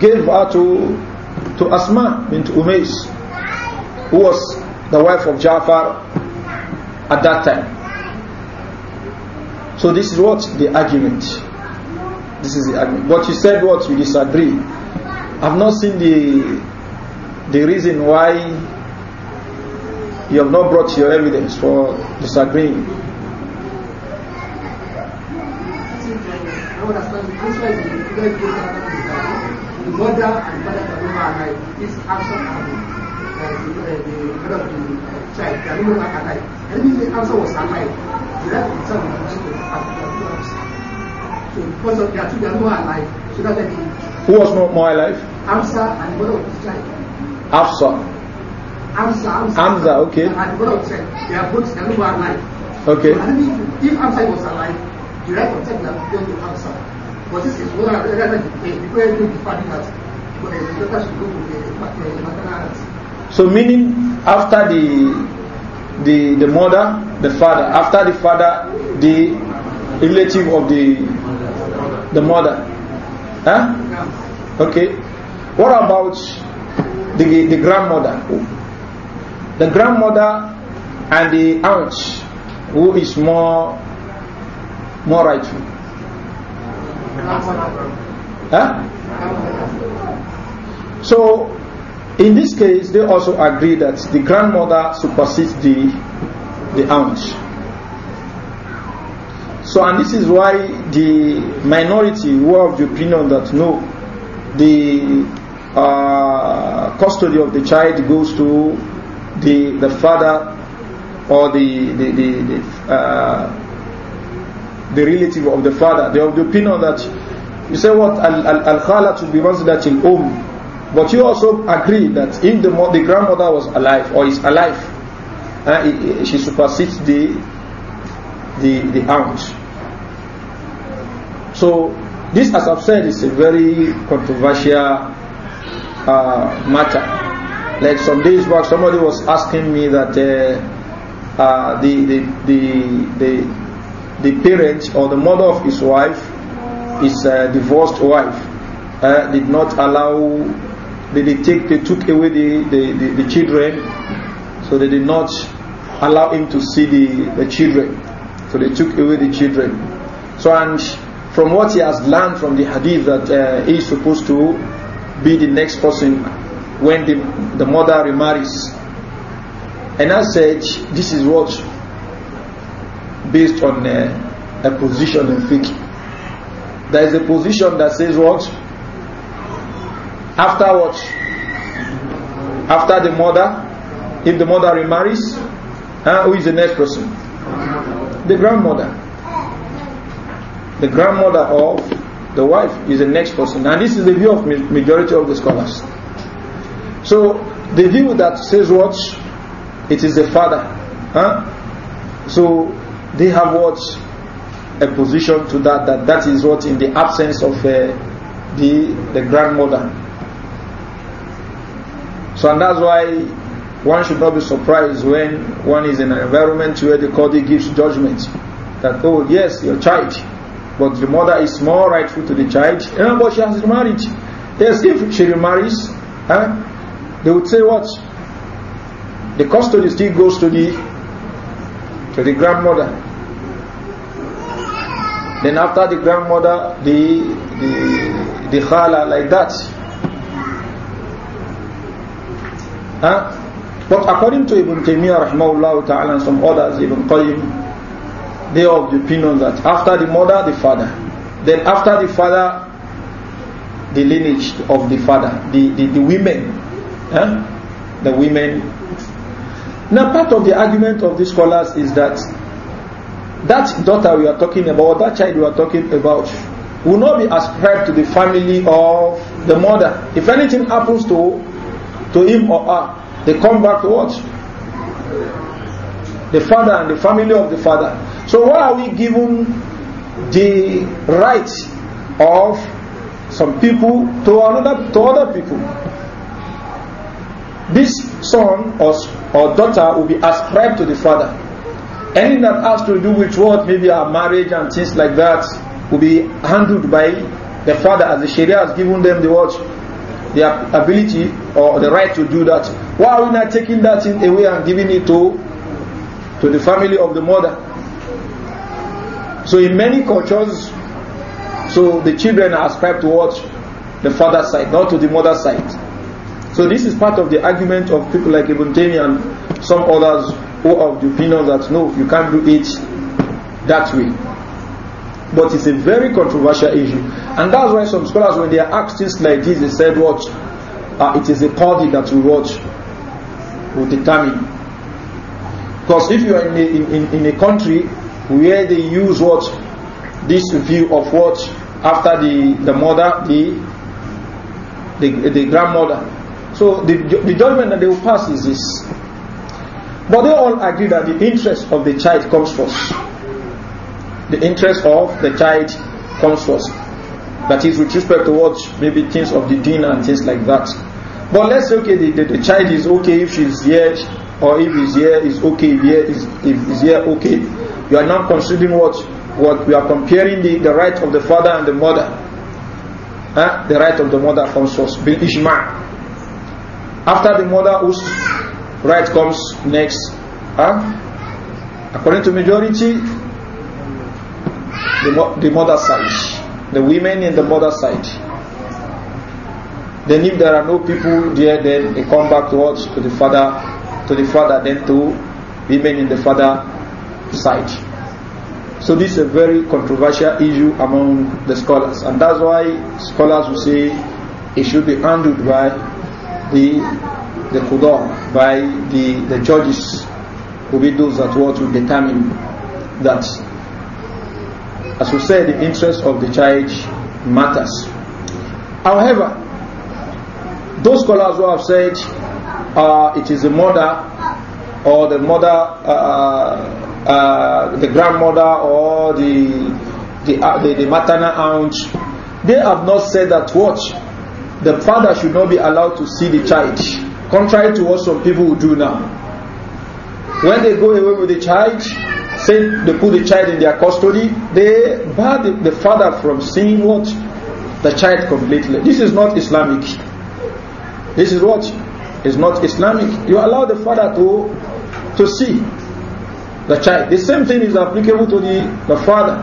gave her to, to Asma bint Umays, who was the wife of Ja'far at that time. So this is what the argument. This is the, but you said what you disagree. I've not seen the the reason why you have not brought your evidence for disagreeing. The mother and father can never This absent the mother of the child, they are no longer alive. the answer was alive, the rest of the child who was more, more alive? Amsa and brother of his child. Afsa. Hamza. Hamza. okay. And mother of his They are both and who alive. Okay. And I mean, if Hamza was alive, the right of child would have gone to Amsa. But this is what I read before I do the family that so meaning after the the the mother, the father, after the father, the relative of the the mother? Huh? Okay. What about the, the grandmother? The grandmother and the aunt, who is more more rightful? Huh? So, in this case, they also agree that the grandmother supersedes the the aunt. So, and this is why the minority were of the opinion that no, the uh, custody of the child goes to the the father or the the the, the, uh, the relative of the father. They have of the opinion that you say what al khala should be considered in home, but you also agree that if the the grandmother was alive or is alive, uh, she supersedes the the the aunt. So this, as I've said, is a very controversial uh, matter. Like some days back, somebody was asking me that uh, uh, the, the, the, the, the parent or the mother of his wife, his divorced wife, uh, did not allow, they, they, take, they took away the, the, the, the children, so they did not allow him to see the, the children. So they took away the children. So and from what he has learned from the hadith that uh, he is supposed to be the next person when the, the mother remarries. And I said, this is what based on uh, a position in fiqh. There is a position that says what? After what? After the mother, if the mother remarries, uh, who is the next person? The grandmother the grandmother of the wife is the next person. And this is the view of majority of the scholars. So the view that says what? It is the father. Huh? So they have what? A position to that, that that is what in the absence of uh, the, the grandmother. So and that's why one should not be surprised when one is in an environment where the Qadi gives judgment that, oh yes, your child but the mother is more rightful to the child, eh, but she has remarried. Yes, if she remarries, they would say what? The custody still goes to the to the grandmother. Then after the grandmother, the the the khala like that. Huh? But according to Ibn Taymiyyah rahmahullah ta'ala and some others, Ibn Qayyim, they are of the opinion that after the mother, the father. Then after the father, the lineage of the father, the, the, the women. Huh? Eh? The women. Now part of the argument of these scholars is that that daughter we are talking about, that child we are talking about, will not be ascribed to the family of the mother. If anything happens to to him or her, they come back to what? The father and the family of the father. So why are we given the right of some people to another to other people? This son or, or daughter will be ascribed to the father. Anything that has to do with what maybe our marriage and things like that will be handled by the father as the Sharia has given them the what the ability or the right to do that. Why are we not taking that away and giving it to to the family of the mother? So in many cultures, so the children are ascribed to watch The father's side, not to the mother's side. So this is part of the argument of people like Ibn Taymiyyah and some others who have the opinion that no, you can't do it that way. But it's a very controversial issue. And that's why some scholars, when they are asked things like this, they said, What? Uh, it is a party that will watch, will determine. Because if you are in a, in, in, in a country where they use what this view of what after the the mother the the, the grandmother so the, the judgment that they will pass is this but they all agree that the interest of the child comes first the interest of the child comes first that is with respect to what maybe things of the dean and things like that but let's say okay the, the, the child is okay if she's here or if his hair is okay, if hair is if his hair okay. You are not considering what what we are comparing the, the right of the father and the mother. Huh? The right of the mother comes first. Bil Ishma. After the mother whose right comes next. Huh? According to majority, the, the mother side, the women in the mother side. Then if there are no people there, then they come back to what? To the father to the father than to women in the father side. So this is a very controversial issue among the scholars, and that's why scholars will say it should be handled by the the Qudah, by the, the judges will be those that what will determine that as we said the interest of the child matters. However, those scholars who have said uh, it is the mother or the mother, uh, uh, uh the grandmother or the the, uh, the, the maternal aunt, they have not said that what the father should not be allowed to see the child, contrary to what some people do now. When they go away with the child, say they put the child in their custody, they bar the, the father from seeing what the child completely. This is not Islamic. This is what is not Islamic. You allow the father to, to see the child. The same thing is applicable to the, the father.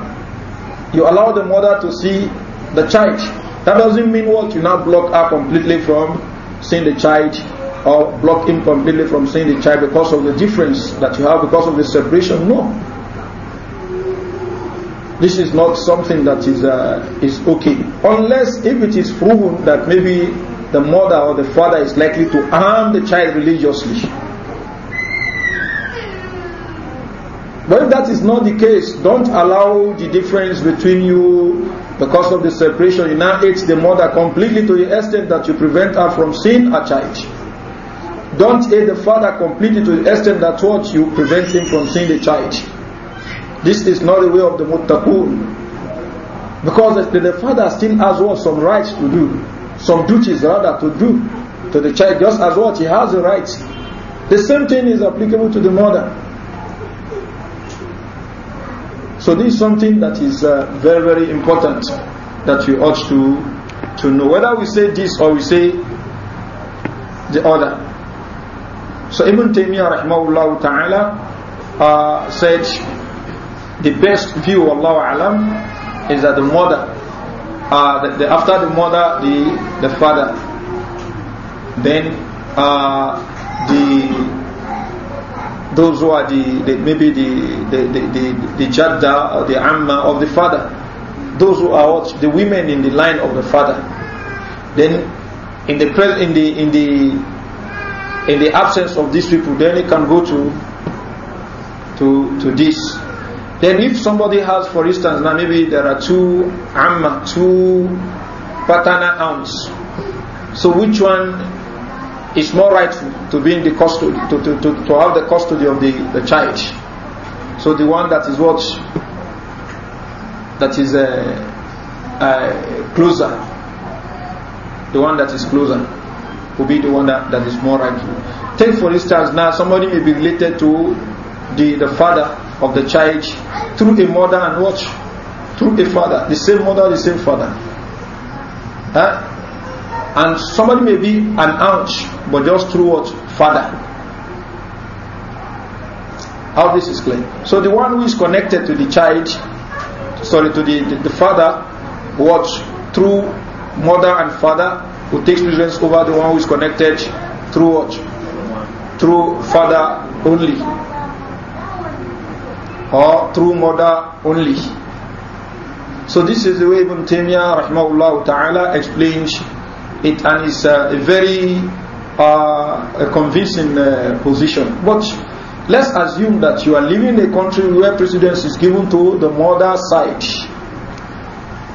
You allow the mother to see the child. That doesn't mean what? You now block her completely from seeing the child or block him completely from seeing the child because of the difference that you have, because of the separation. No. This is not something that is, uh, is okay. Unless if it is proven that maybe the mother or the father is likely to harm the child religiously. But if that is not the case, don't allow the difference between you because of the separation. You now hate the mother completely to the extent that you prevent her from seeing her child. Don't hate the father completely to the extent that what you prevent him from seeing the child. This is not the way of the muttaqun. Because the, the father still has what some rights to do some duties rather to do to the child just as what he has a right. The same thing is applicable to the mother. So this is something that is uh, very very important that you ought to to know whether we say this or we say the other. So Ibn Taymiyyah rahimahullah ta'ala uh, said the best view Allah is that the mother uh, the, the, after the mother, the, the father, then uh, the those who are the, the maybe the the the, the, jadda or the amma of the father, those who are what, the women in the line of the father. Then, in the pres- in the in the in the absence of these people, then it can go to to to this. Then if somebody has, for instance, now maybe there are two amma, two paternal aunts. So which one is more rightful to be in the custody, to, to, to, to have the custody of the, the child? So the one that is what? That is uh, uh, closer. The one that is closer will be the one that, that is more rightful. Take for instance now somebody may be related to the, the father of the child through a mother and watch Through a father. The same mother, the same father. Huh? And somebody may be an aunt, but just through what? Father. How this is clear. So the one who is connected to the child, sorry, to the, the, the father, what? Through mother and father, who takes precedence over the one who is connected through what? Through father only or through mother only. So this is the way Ibn Taymiyyah rahimahullah ta'ala explains it and it's uh, a very uh, a convincing uh, position. But let's assume that you are living in a country where precedence is given to the mother side.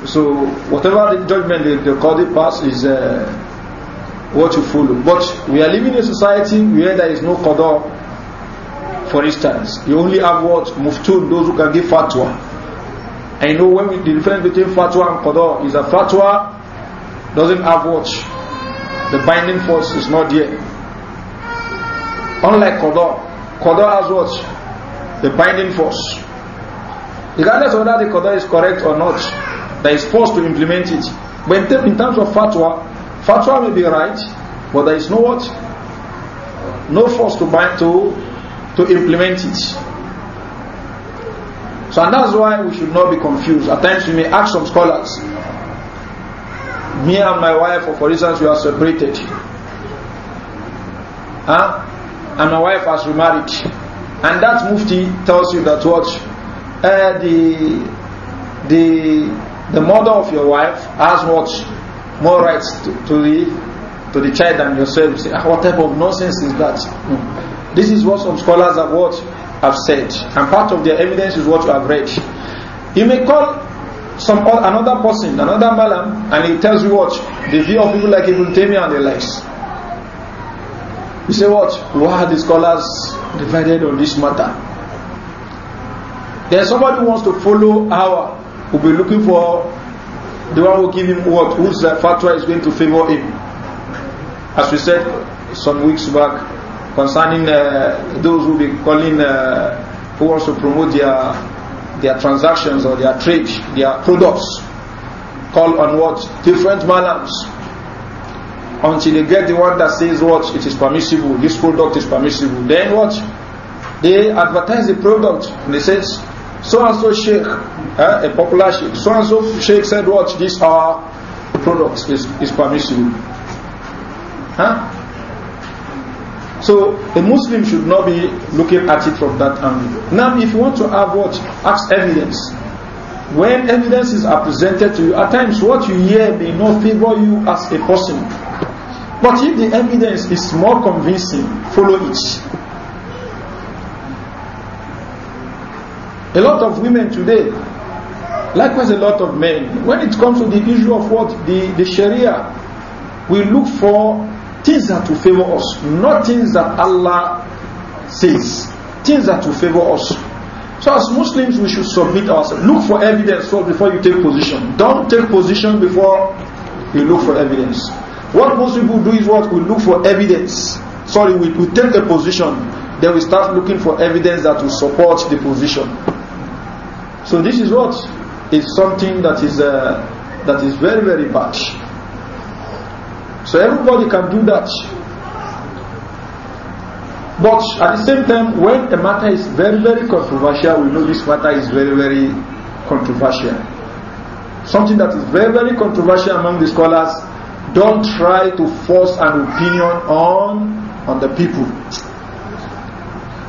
So whatever the judgment the, the Qadi pass is uh, what you follow. But we are living in a society where there is no Qadar for instance, you only have what? Muftun, those who can give fatwa. And you know when we, the difference between fatwa and qadar is a fatwa doesn't have what? The binding force is not there. Unlike qadar, qadar has what? The binding force. Regardless of whether the qadar is correct or not, there is force to implement it. But in terms of fatwa, fatwa may be right, but there is no what? No force to bind to to implement it. So, and that's why we should not be confused. At times, we may ask some scholars. Me and my wife, for instance, we are separated. Huh? And my wife has remarried. And that mufti tells you that what? Uh, the, the, the mother of your wife has what? More rights to, to the, to the child than yourself. You say, ah, what type of nonsense is that? This is what some scholars have what have said, and part of their evidence is what you have read. You may call some another person, another malam, and he tells you what the view of people like Ibn Taymiyyah and the likes. You say what? Why are the scholars divided on this matter? Then somebody who wants to follow our will be looking for the one who give him what whose fatwa is going to favor him. As we said some weeks back, concerning uh, those who be calling uh, who also promote their their transactions or their trade, their products, call on what different malams until they get the one that says what it is permissible, this product is permissible. Then what they advertise the product and they says so and so sheikh, eh, a popular sheikh, so and so sheikh said what these are products is is permissible. Huh? So a Muslim should not be looking at it from that angle. Now, if you want to have what? Ask evidence. When evidences are presented to you, at times what you hear may not favor you as a person. But if the evidence is more convincing, follow it. A lot of women today, likewise a lot of men, when it comes to the issue of what the, the Sharia, we look for Things that will favor us, not things that Allah says. Things that will favor us. So as Muslims, we should submit ourselves. Look for evidence first before you take position. Don't take position before you look for evidence. What most people do is what? We look for evidence. Sorry, we, we take a position. Then we start looking for evidence that will support the position. So this is what is something that is uh, that is very very bad. So everybody can do that. But at the same time, when a matter is very, very controversial, we know this matter is very, very controversial. Something that is very, very controversial among the scholars, don't try to force an opinion on, on the people.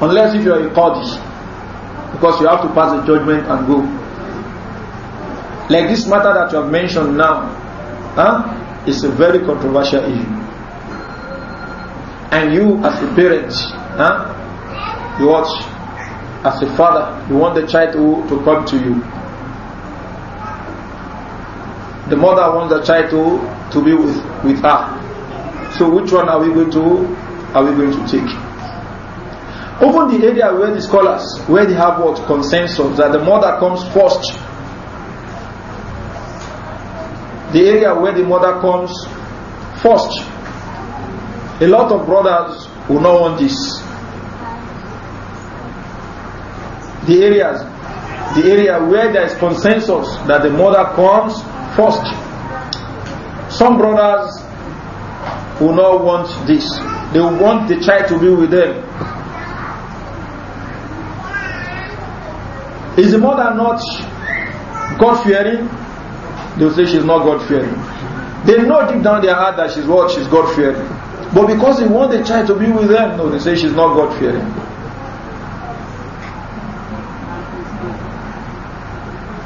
Unless if you are a Qadi, because you have to pass a judgment and go. Like this matter that you have mentioned now, huh? is a very controversial issue. And you as a parent, huh, you watch, as a father, you want the child to, to come to you. The mother wants the child to, to be with, with her. So which one are we going to are we going to take? Even the area where the scholars, where they have what consensus that the mother comes first the area where the mother comes first. A lot of brothers will not want this. The areas, the area where there is consensus that the mother comes first. Some brothers will not want this. They want the child to be with them. Is the mother not God fearing? they will say she's not God fearing. They know deep down their heart that she's what? She's God fearing. But because they want the child to be with them, no, they say she's not God fearing.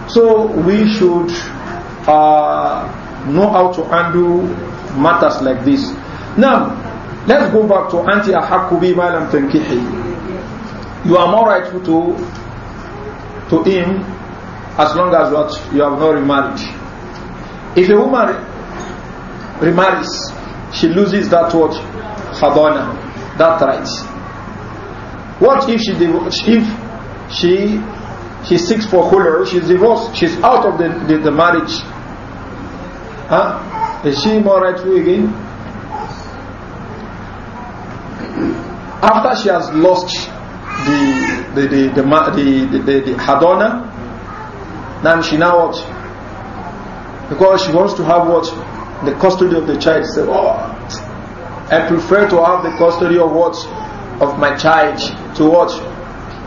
So we should uh, know how to handle matters like this. Now, let's go back to Anti Ahakubi Malam Tankihi. You are more rightful to, to him as long as what you have not remarried. If a woman remarries, she loses that what? Khadana, that right. What if she if she she seeks for khulur, she's divorced, she's out of the, the, the marriage. Huh? Is she more rightful again? After she has lost the the the the the, the, the, the hadona, then she now what? because she wants to have what? The custody of the child. said. oh, I prefer to have the custody of what? Of my child to what?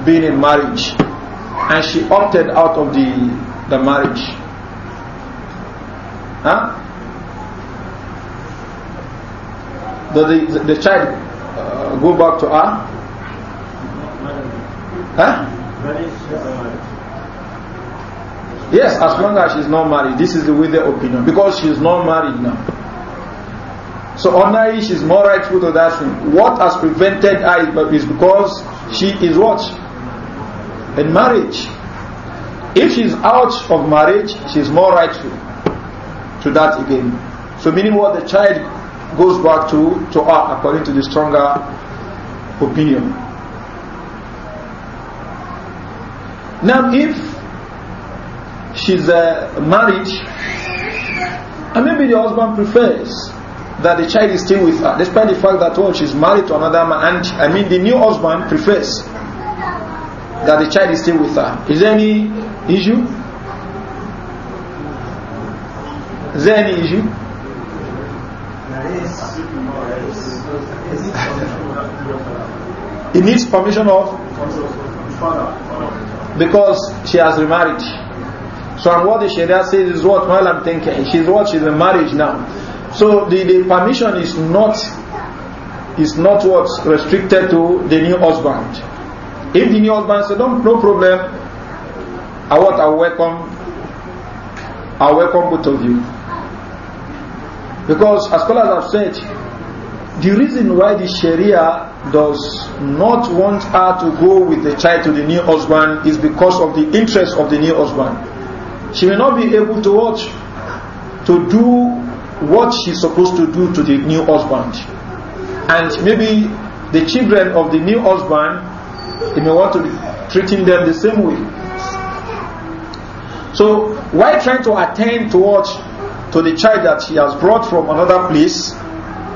Being in marriage. And she opted out of the, the marriage. Huh? Does the, the, the child uh, go back to her? Huh? Uh, Yes, as long as she's not married. This is the way the opinion. Because she's not married now. So ordinarily she's more rightful to that thing. What has prevented her is because she is what? In marriage. If she's out of marriage, she's more rightful to that again. So meaning what the child goes back to, to her according to the stronger opinion. Now if she's uh, married, and maybe the husband prefers that the child is still with her, despite the fact that oh, she's married to another man, and I mean the new husband prefers that the child is still with her. Is there any issue? Is there any issue? It needs permission of because she has remarried. So and what the Sharia says is what? While I'm thinking, she's what? She's in marriage now. So the, the permission is not is not what's restricted to the new husband. If the new husband says, don't, no problem, I want, I welcome, I welcome both of you. Because as as i have said, the reason why the Sharia does not want her to go with the child to the new husband is because of the interest of the new husband she may not be able to watch to do what she's supposed to do to the new husband and maybe the children of the new husband they may want to be treating them the same way so why trying to attend to watch to the child that she has brought from another place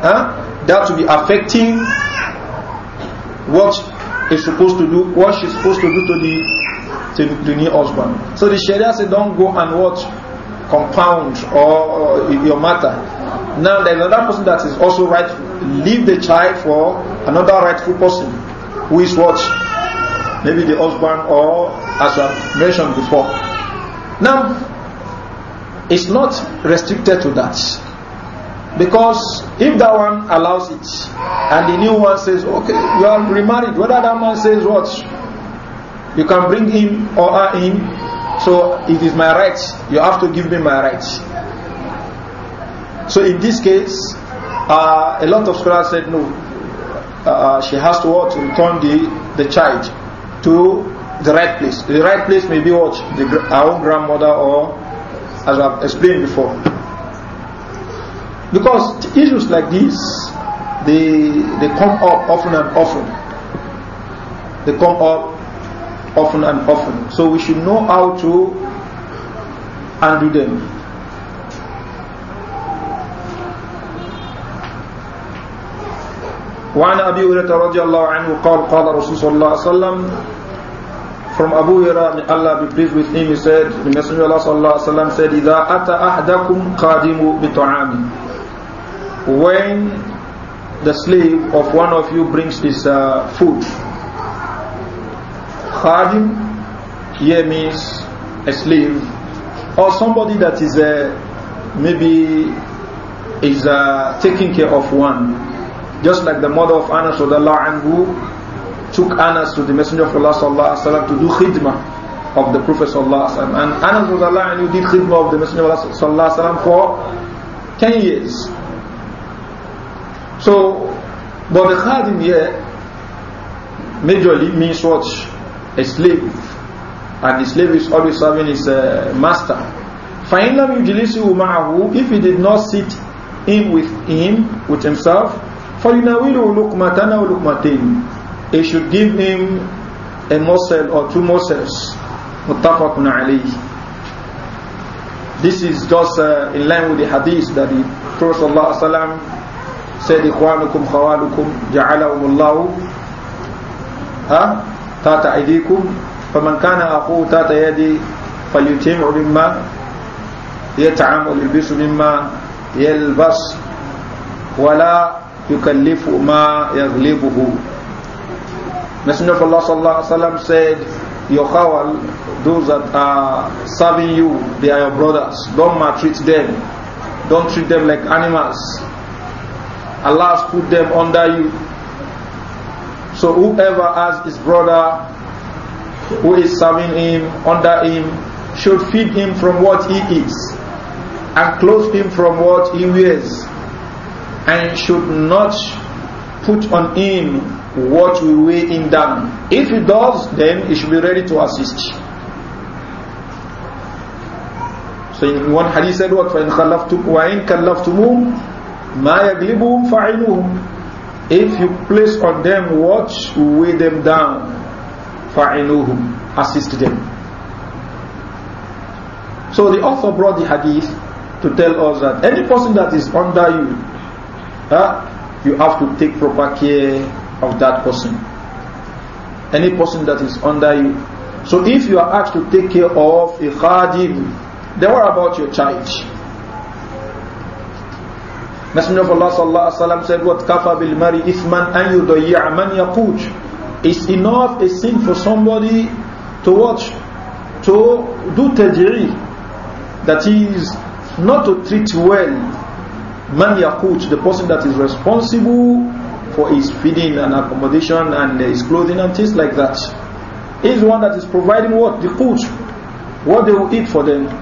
huh? that will be affecting what is supposed to do what she's supposed to do to the to the new husband. So the Sharia said, don't go and what compound or, or your matter. Now there's another person that is also right, Leave the child for another rightful person who is what? Maybe the husband or as I mentioned before. Now, it's not restricted to that. Because if that one allows it, and the new one says, okay, you are remarried, whether that man says what? You can bring him or her in. So it is my right. You have to give me my right. So in this case, uh, a lot of scholars said no. Uh, uh she has to what? Return the, the child to the right place. The right place may be what? The, our own grandmother or, as I've explained before. Because issues like this, they, they come up often and often. They come up often and often. So we should know how to undo them. وعن أبي هريرة رضي الله عنه قال قال رسول صلى الله عليه وسلم From Abu Hurairah, may Allah be pleased with him, he said, the Messenger of Allah sallallahu alaihi wasallam said, إِذَا أَتَى أَحْدَكُمْ قَادِمُ بِطَعَامِ When the slave of one of you brings his uh, food, Khadim here means a slave or somebody that is a, uh, maybe is a, uh, taking care of one. Just like the mother of Anas anhu took Anas to the Messenger of Allah to do khidmah of the Prophet sallallahu alaihi wasallam. And Anas anhu did khidmah of the Messenger of Allah for 10 years. So, but the khadim here majorly means what? a slave and the slave is always serving his uh, master. فَإِنْ لَمْ مَعَهُ If he did not sit in with him, with himself, فَلِنَوِلُهُ لُقْمَةً أَوْ matin, He should give him a morsel or two morsels. مُتَّفَقٌ عَلَيْهِ This is just uh, in line with the hadith that the Prophet ﷺ said, إِخْوَانُكُمْ خَوَانُكُمْ جَعَلَهُمُ اللَّهُ huh? تحت أيديكم فمن كان أخوه تحت يدي فليتمع مما يتعم ويلبس مما يلبس ولا يكلف ما يغلبه Messenger الله صلى الله عليه وسلم said, Your khawal, those that are serving you, they are your brothers. Don't maltreat them. Don't treat them like animals. Allah has put them under you. So whoever has his brother who is serving him, under him, should feed him from what he eats and clothe him from what he wears and should not put on him what will weigh him down. If he does, then he should be ready to assist. So in one hadith said what فَإِنْ خَلَّفْتُمْ وَإِنْ كَلَّفْتُمُهُمْ مَا يَغْلِبُهُمْ فَعِلُوهُمْ if you place on them watch, weigh them down, fa'inuhum, assist them. So the author brought the hadith to tell us that any person that is under you, uh, you have to take proper care of that person. Any person that is under you. So if you are asked to take care of a khadim, then what about your child? Messenger of Allah sallallahu alaihi wasallam said, "What kafa bil mari ithman an yudayya man yaquj." It's enough a sin for somebody to watch, to do tajri, that is not to treat well man yaquj, the person that is responsible for his feeding and accommodation and his clothing and things like that. He's the one that is providing what the food, what they will eat for them.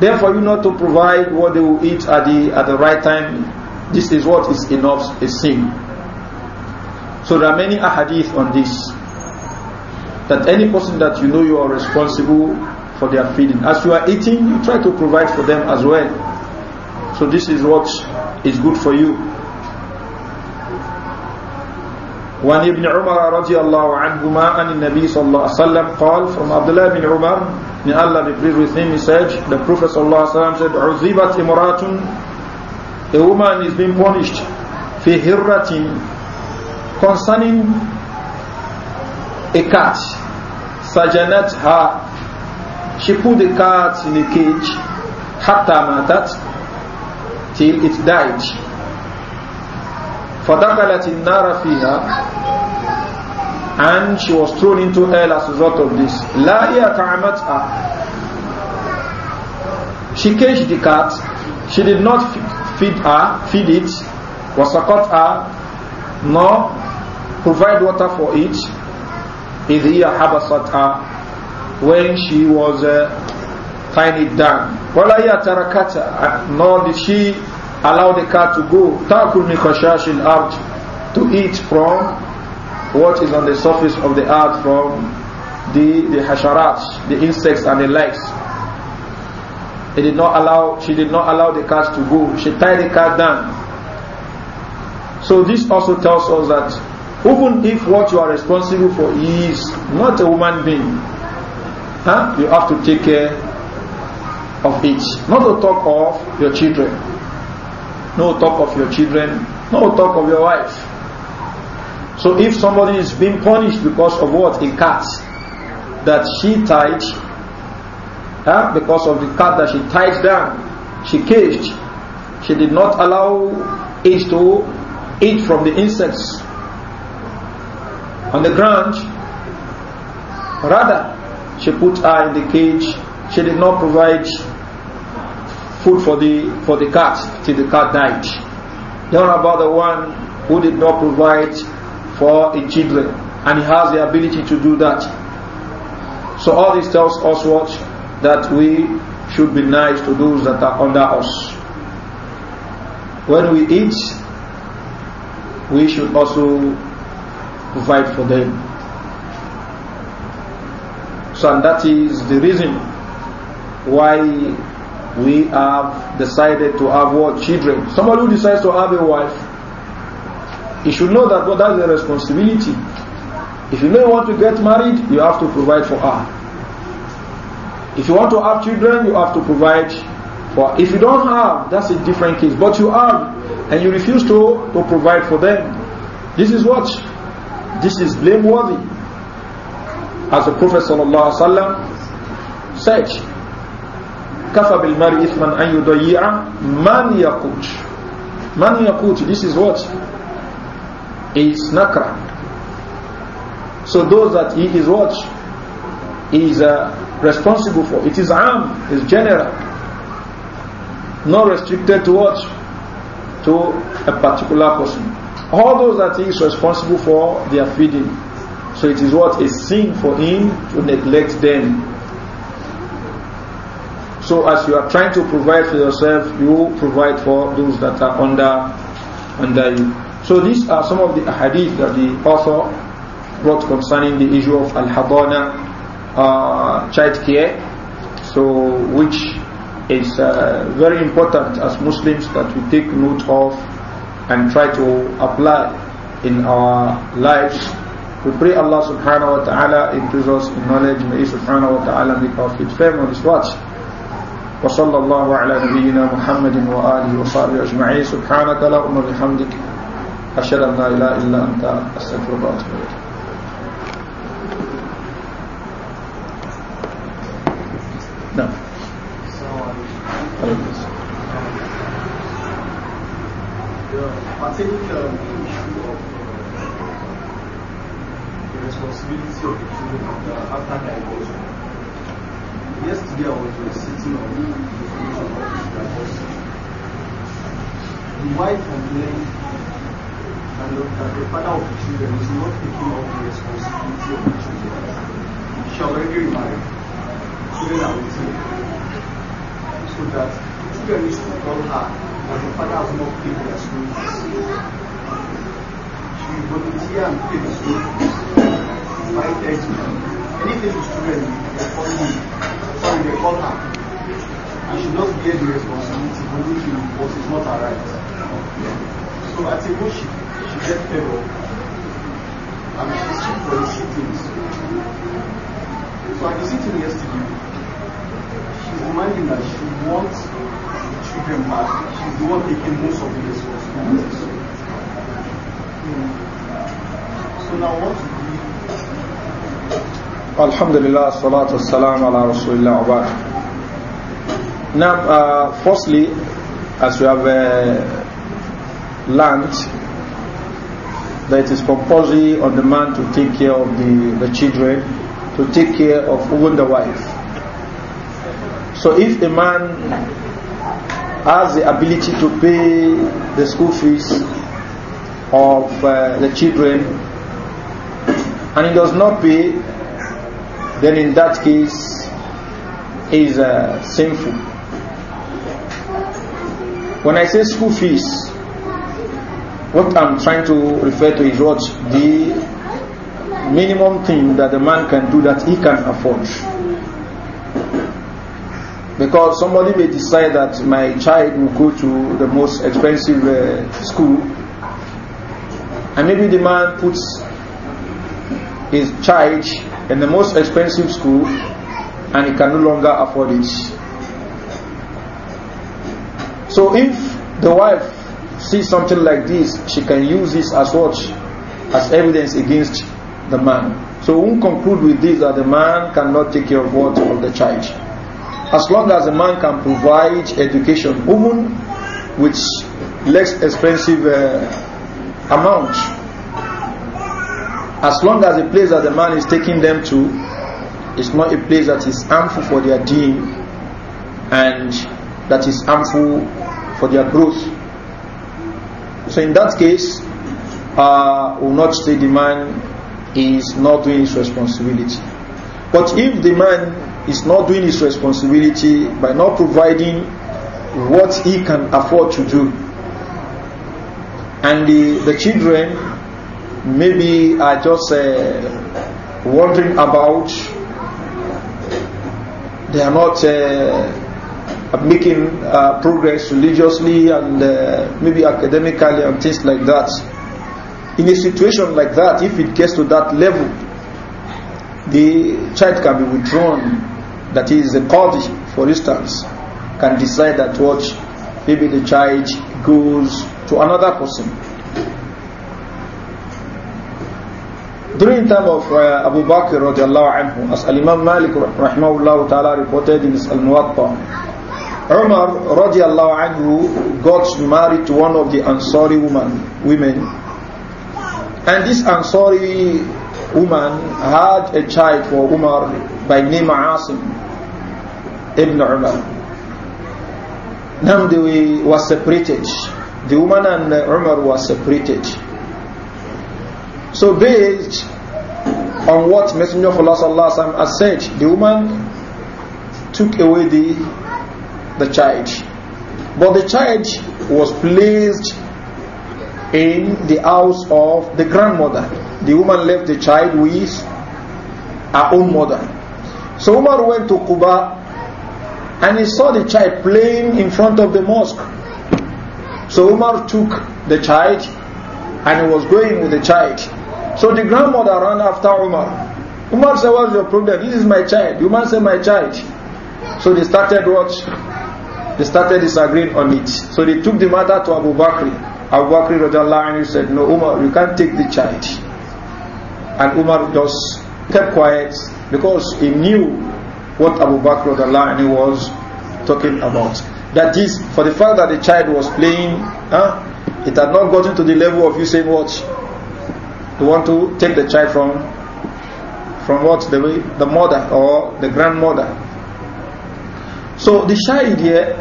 Therefore, you not to provide what they will eat at the at the right time, this is what is enough is sin. So there are many ahadith on this. That any person that you know you are responsible for their feeding. As you are eating, you try to provide for them as well. So this is what is good for you. وعن ابن عمر رضي الله عنهما عن النبي صلى الله عليه وسلم قال from Abdullah bin Umar may Allah be pleased with him he said the Prophet صلى الله عليه وسلم said عذبت امرأة a woman is being punished في هرة concerning a cat سجنت her she put the cat in a cage حتى ماتت till it died فَدَخَلَتِ النَّارَ فِيهَا And she was thrown into hell as a result of this. لَا يَتَعَمَتْهَا She caged the cat. She did not feed her, feed it, wasakot nor provide water for it. إِذْهِيَ حَبَسَتْهَا When she was uh, tying it down. وَلَا يَتَرَكَتْهَا Nor did she allow the cat to go. تَأْكُلْ مِنْ خَشَاشِ To eat from what is on the surface of the earth from the, the hasharats, the insects and the likes. He did not allow, she did not allow the cat to go. She tied the cat down. So this also tells us that even if what you are responsible for is not a human being, huh, you have to take care of it. Not to talk of your children. No talk of your children, no talk of your wife. So if somebody is being punished because of what? A cat that she tied, huh? because of the cat that she tied down, she caged, she did not allow it to eat from the insects on the ground. Rather, she put her in the cage, she did not provide food for the for the cat till the cat died. Don't about the one who did not provide for the children and he has the ability to do that. So all this tells us what that we should be nice to those that are under us. When we eat, we should also provide for them. So and that is the reason why we have decided to have what children. Somebody who decides to have a wife, he should know that well, that's a responsibility. If you may want to get married, you have to provide for her. If you want to have children, you have to provide for her. If you don't have, that's a different case. But you have, and you refuse to, to provide for them. This is what? This is blameworthy. As the Prophet said, كَفَى بِالْمَرِ إِثْمًا أَنْ يُضَيِّعَ man يَقُوتُ Man yaqut, this is what? Is nakra. So those that he is what is He is uh, responsible for. It is am, is general. Not restricted to what? To a particular person. All those that he is responsible for, they are feeding. So it is what? A sin for him to neglect them. So as you are trying to provide for yourself, you provide for those that are under, under you. So these are some of the hadith that the author brought concerning the issue of al-hadana, uh, child care, so which is uh, very important as Muslims that we take note of and try to apply in our lives. We pray Allah subhanahu wa ta'ala increase us in knowledge. May He subhanahu wa ta'ala make our feet firm on His watch. وصلى الله على نبينا محمد وآله وصحبه أجمعين سبحانك اللهم بحمدك أشهد أن لا إله إلا أنت أستغفرك وأتوب إليك نعم um, of the of the Jest biały, to jest cytryną, dużo wartości. The wife complained and that the father of the children is not taking up the responsibility of the children. She already remarried. Children are with him. So that the children used to call her that the father has not paid their school She will volunteer and pay the school fees, buy o anything to they are calling Sorry, they call her. and she not play the responsibility you to it's not her right. So I think when she, she gets favor, and she's cheap for the shootings. So I visited yesterday. She's reminding that she wants children back. She's the one taking most of the responsibilities. So now what Alhamdulillah, salatu salam ala rasulillah Now, uh, firstly, as we have uh, learned, that it is compulsory on the man to take care of the, the children, to take care of even the wife. So if a man has the ability to pay the school fees of uh, the children and he does not pay, then in that case is uh, sinful. When I say school fees, what I'm trying to refer to is what the minimum thing that the man can do that he can afford. Because somebody may decide that my child will go to the most expensive uh, school, and maybe the man puts his child in the most expensive school and he can no longer afford it. So if the wife sees something like this, she can use this as what? As evidence against the man. So we will conclude with this that the man cannot take care of what? Of the child. As long as the man can provide education, woman which less expensive uh, amount as long as the place that the man is taking them to is not a place that is harmful for their deen and that is harmful for their growth. So in that case, uh, will not say the man is not doing his responsibility. But if the man is not doing his responsibility by not providing what he can afford to do, and the, the children maybe are just uh, wondering about, they are not uh, making uh, progress religiously and uh, maybe academically and things like that. In a situation like that, if it gets to that level, the child can be withdrawn. That is, the court, for instance, can decide that what maybe the child goes to another person During time of uh, Abu Bakr radiallahu anhu, as Imam Malik rahmahullah ta'ala reported in his Al-Muwatta, Umar radiallahu anhu got married to one of the Ansari woman, women. And this Ansari woman had a child for Umar by name Asim ibn Umar. Now they were separated. The woman and Umar were separated. So based on what Messenger of Allah sallallahu alaihi wasallam has said, the woman took away the the child, but the child was placed in the house of the grandmother. The woman left the child with her own mother. So Umar went to Kuba and he saw the child playing in front of the mosque. So Umar took the child and he was going with the child. So the grandmother ran after Umar. Umar said, what's your problem? This is my child. Umar said, my child. So they started what? They started disagreeing on it. So they took the matter to Abu Bakr. Abu Bakr anhu said, no Umar, you can't take the child. And Umar just kept quiet because he knew what Abu Bakr anhu was talking about. That is, for the fact that the child was playing, huh, it had not gotten to the level of you saying what? You want to take the child from from what the the mother or the grandmother. So the shy idea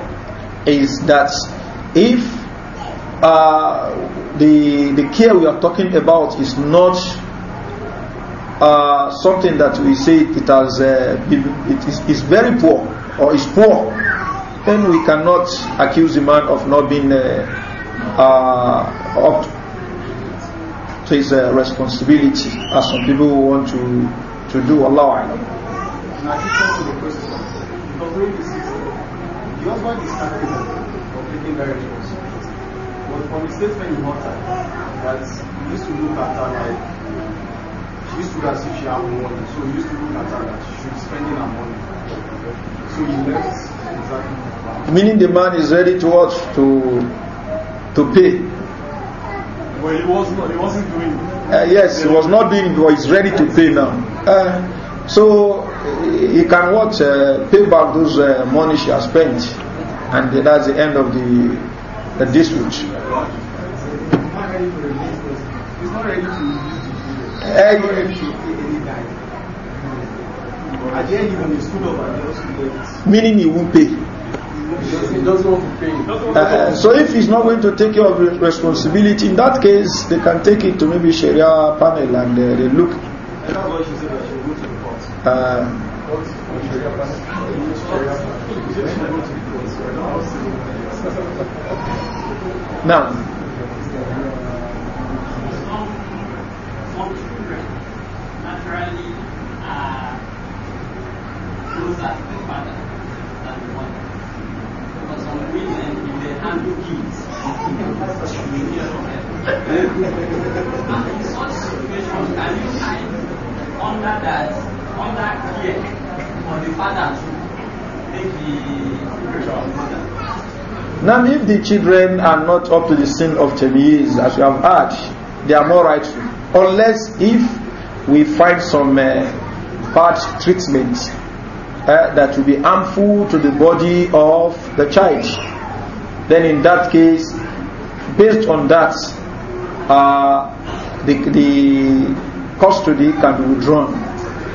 is that if uh, the the care we are talking about is not uh, something that we say it has uh, it is, is very poor or is poor, then we cannot accuse the man of not being uh, uh, takes a responsibility as some people want to, to do. a Alam. Now, I just the question. Because during the season, husband is taking But from statement in that used to look at her like, she used to look as if she had money. So used to look at her that she should be spending her money. So left exactly. Meaning the man is ready to watch To, to pay. Well, he was not. He wasn't doing. Uh, yes, he was not doing. he's ready to pay now. Uh, so he can what uh, pay back those uh, money she has spent, and that's the end of the, the dispute. Meaning he won't pay. He doesn't want to pay. Uh, so if he's not going to take care of responsibility, in that case, they can take it to maybe Sharia panel and uh, they look. Uh, now, naturally uh, closer to the father than the one and and in such situations, can you under that, under care for the father to take the Now, if the children are not up to the sin of Tabiiz, as we have heard, they are more rightful. Unless if we find some uh, bad treatment uh, that will be harmful to the body of the child then in that case, based on that, uh, the, the custody can be withdrawn.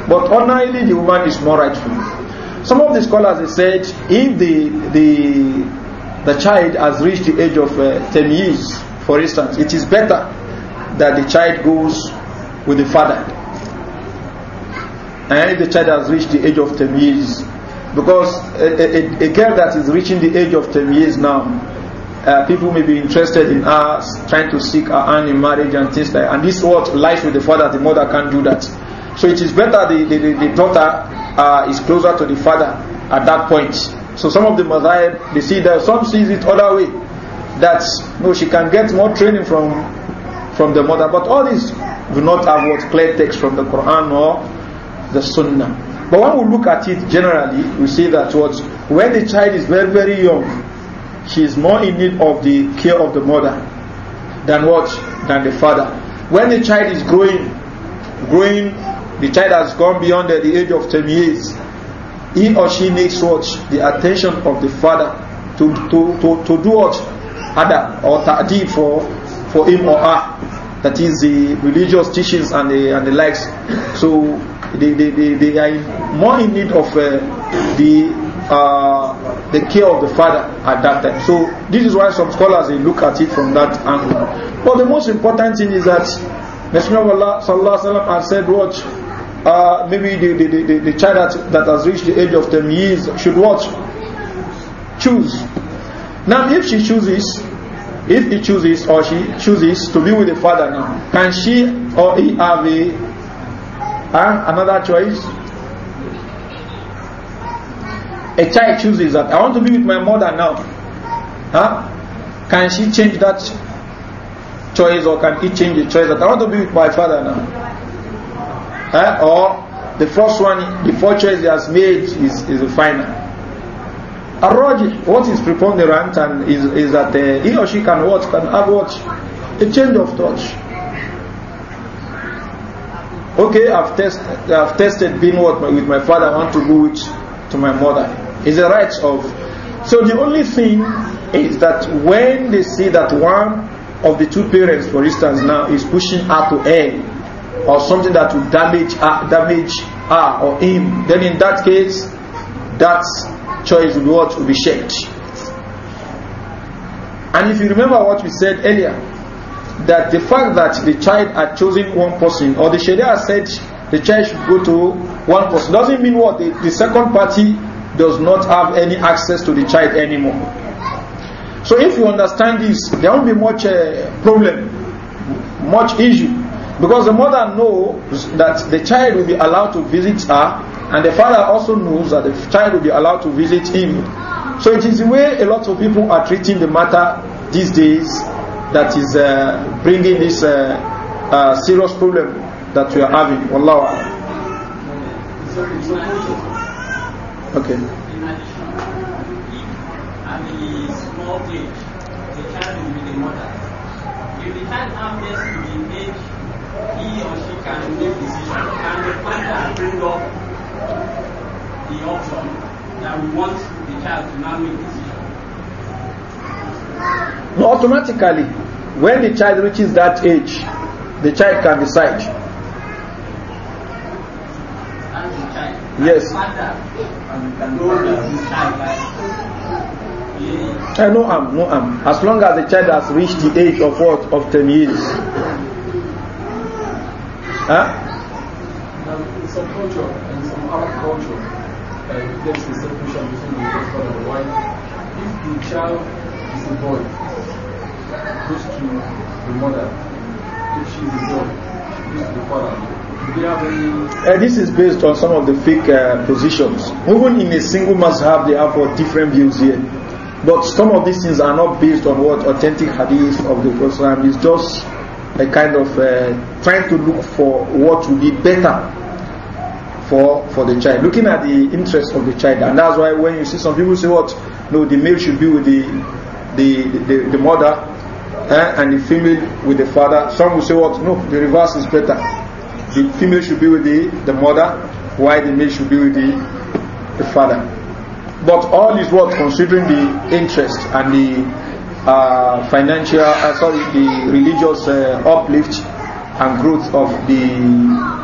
But ordinarily, the woman is more rightful. Some of the scholars have said if the, the the child has reached the age of uh, 10 years, for instance, it is better that the child goes with the father. And if the child has reached the age of 10 years, because a, a, a, girl that is reaching the age of 10 years now, uh, people may be interested in her, trying to seek her hand in marriage and things like And this what lies with the father, the mother can't do that. So it is better the, the, the, the daughter uh, is closer to the father at that point. So some of the madhab, they see that some sees it other way. That you know, she can get more training from from the mother. But all these do not have what clear text from the Quran or the Sunnah. But when we look at it generally, we see that what when the child is very, very young, she is more in need of the care of the mother than what? Than the father. When the child is growing, growing, the child has gone beyond the, age of 10 years, he or she needs what? The attention of the father to, to, to, to do what? Ada or ta'di for, for him or her. that is the religious teachings and the, and the likes. So they, they, they, they are more in need of uh, the uh, the care of the father at that time. So this is why some scholars they look at it from that angle. But the most important thing is that Messenger of Allah sallallahu alaihi wasallam has said, "Watch, uh, maybe the, the, the, the child that, that has reached the age of 10 years should watch, choose." Now, if she chooses if he chooses or she chooses to be with the father now, can she or he have a, uh, another choice? A child chooses that I want to be with my mother now. Huh? Can she change that choice or can he change the choice that I want to be with my father now? Huh? Or the first one, the first choice he has made is, is the final. Arroji, what is preponderant and is, is that uh, he or she can watch can have watch a change of touch. Okay, I've tested I've tested being what my, with my father, I want to go with to my mother. It's a right of so the only thing is that when they see that one of the two parents, for instance, now is pushing her to air or something that will damage her, damage her or him, then in that case, that's choice will be what? Will be shirked. And if you remember what we said earlier, that the fact that the child had chosen one person, or the Sharia said the child should go to one person, doesn't mean what? The, the second party does not have any access to the child anymore. So if you understand this, there won't be much uh, problem, much issue, because the mother knows that the child will be allowed to visit her And the father also knows that the child will be allowed to visit him. So it is the way a lot of people are treating the matter these days that is uh, bringing this uh, uh, serious problem that we are having. Wallahu Okay. can make decision, can the father bring up the option that we want the child to now make decision? No, automatically, when the child reaches that age, the child can decide. Yes. I know I'm, eh, no I'm. As long as the child has reached the age of what? Of 10 years. Huh? our culture, uh, there is a separation between the husband and the wife. If the child is a boy, goes to the mother. If she is a girl, she goes to the father. Uh, this is based on some of the fake uh, positions. Even in a single mazhab, they have different views here. But some of these things are not based on what authentic hadith of the Prophet. It's just a kind of uh, trying to look for what would be better for, for the child, looking at the interest of the child. And that's why when you see some people say what, no, the male should be with the, the, the, the mother eh, and the female with the father. Some will say what, no, the reverse is better. The female should be with the, the mother, while the male should be with the, the father. But all is what, considering the interest and the uh, financial, uh, sorry, the religious uh, uplift and growth of the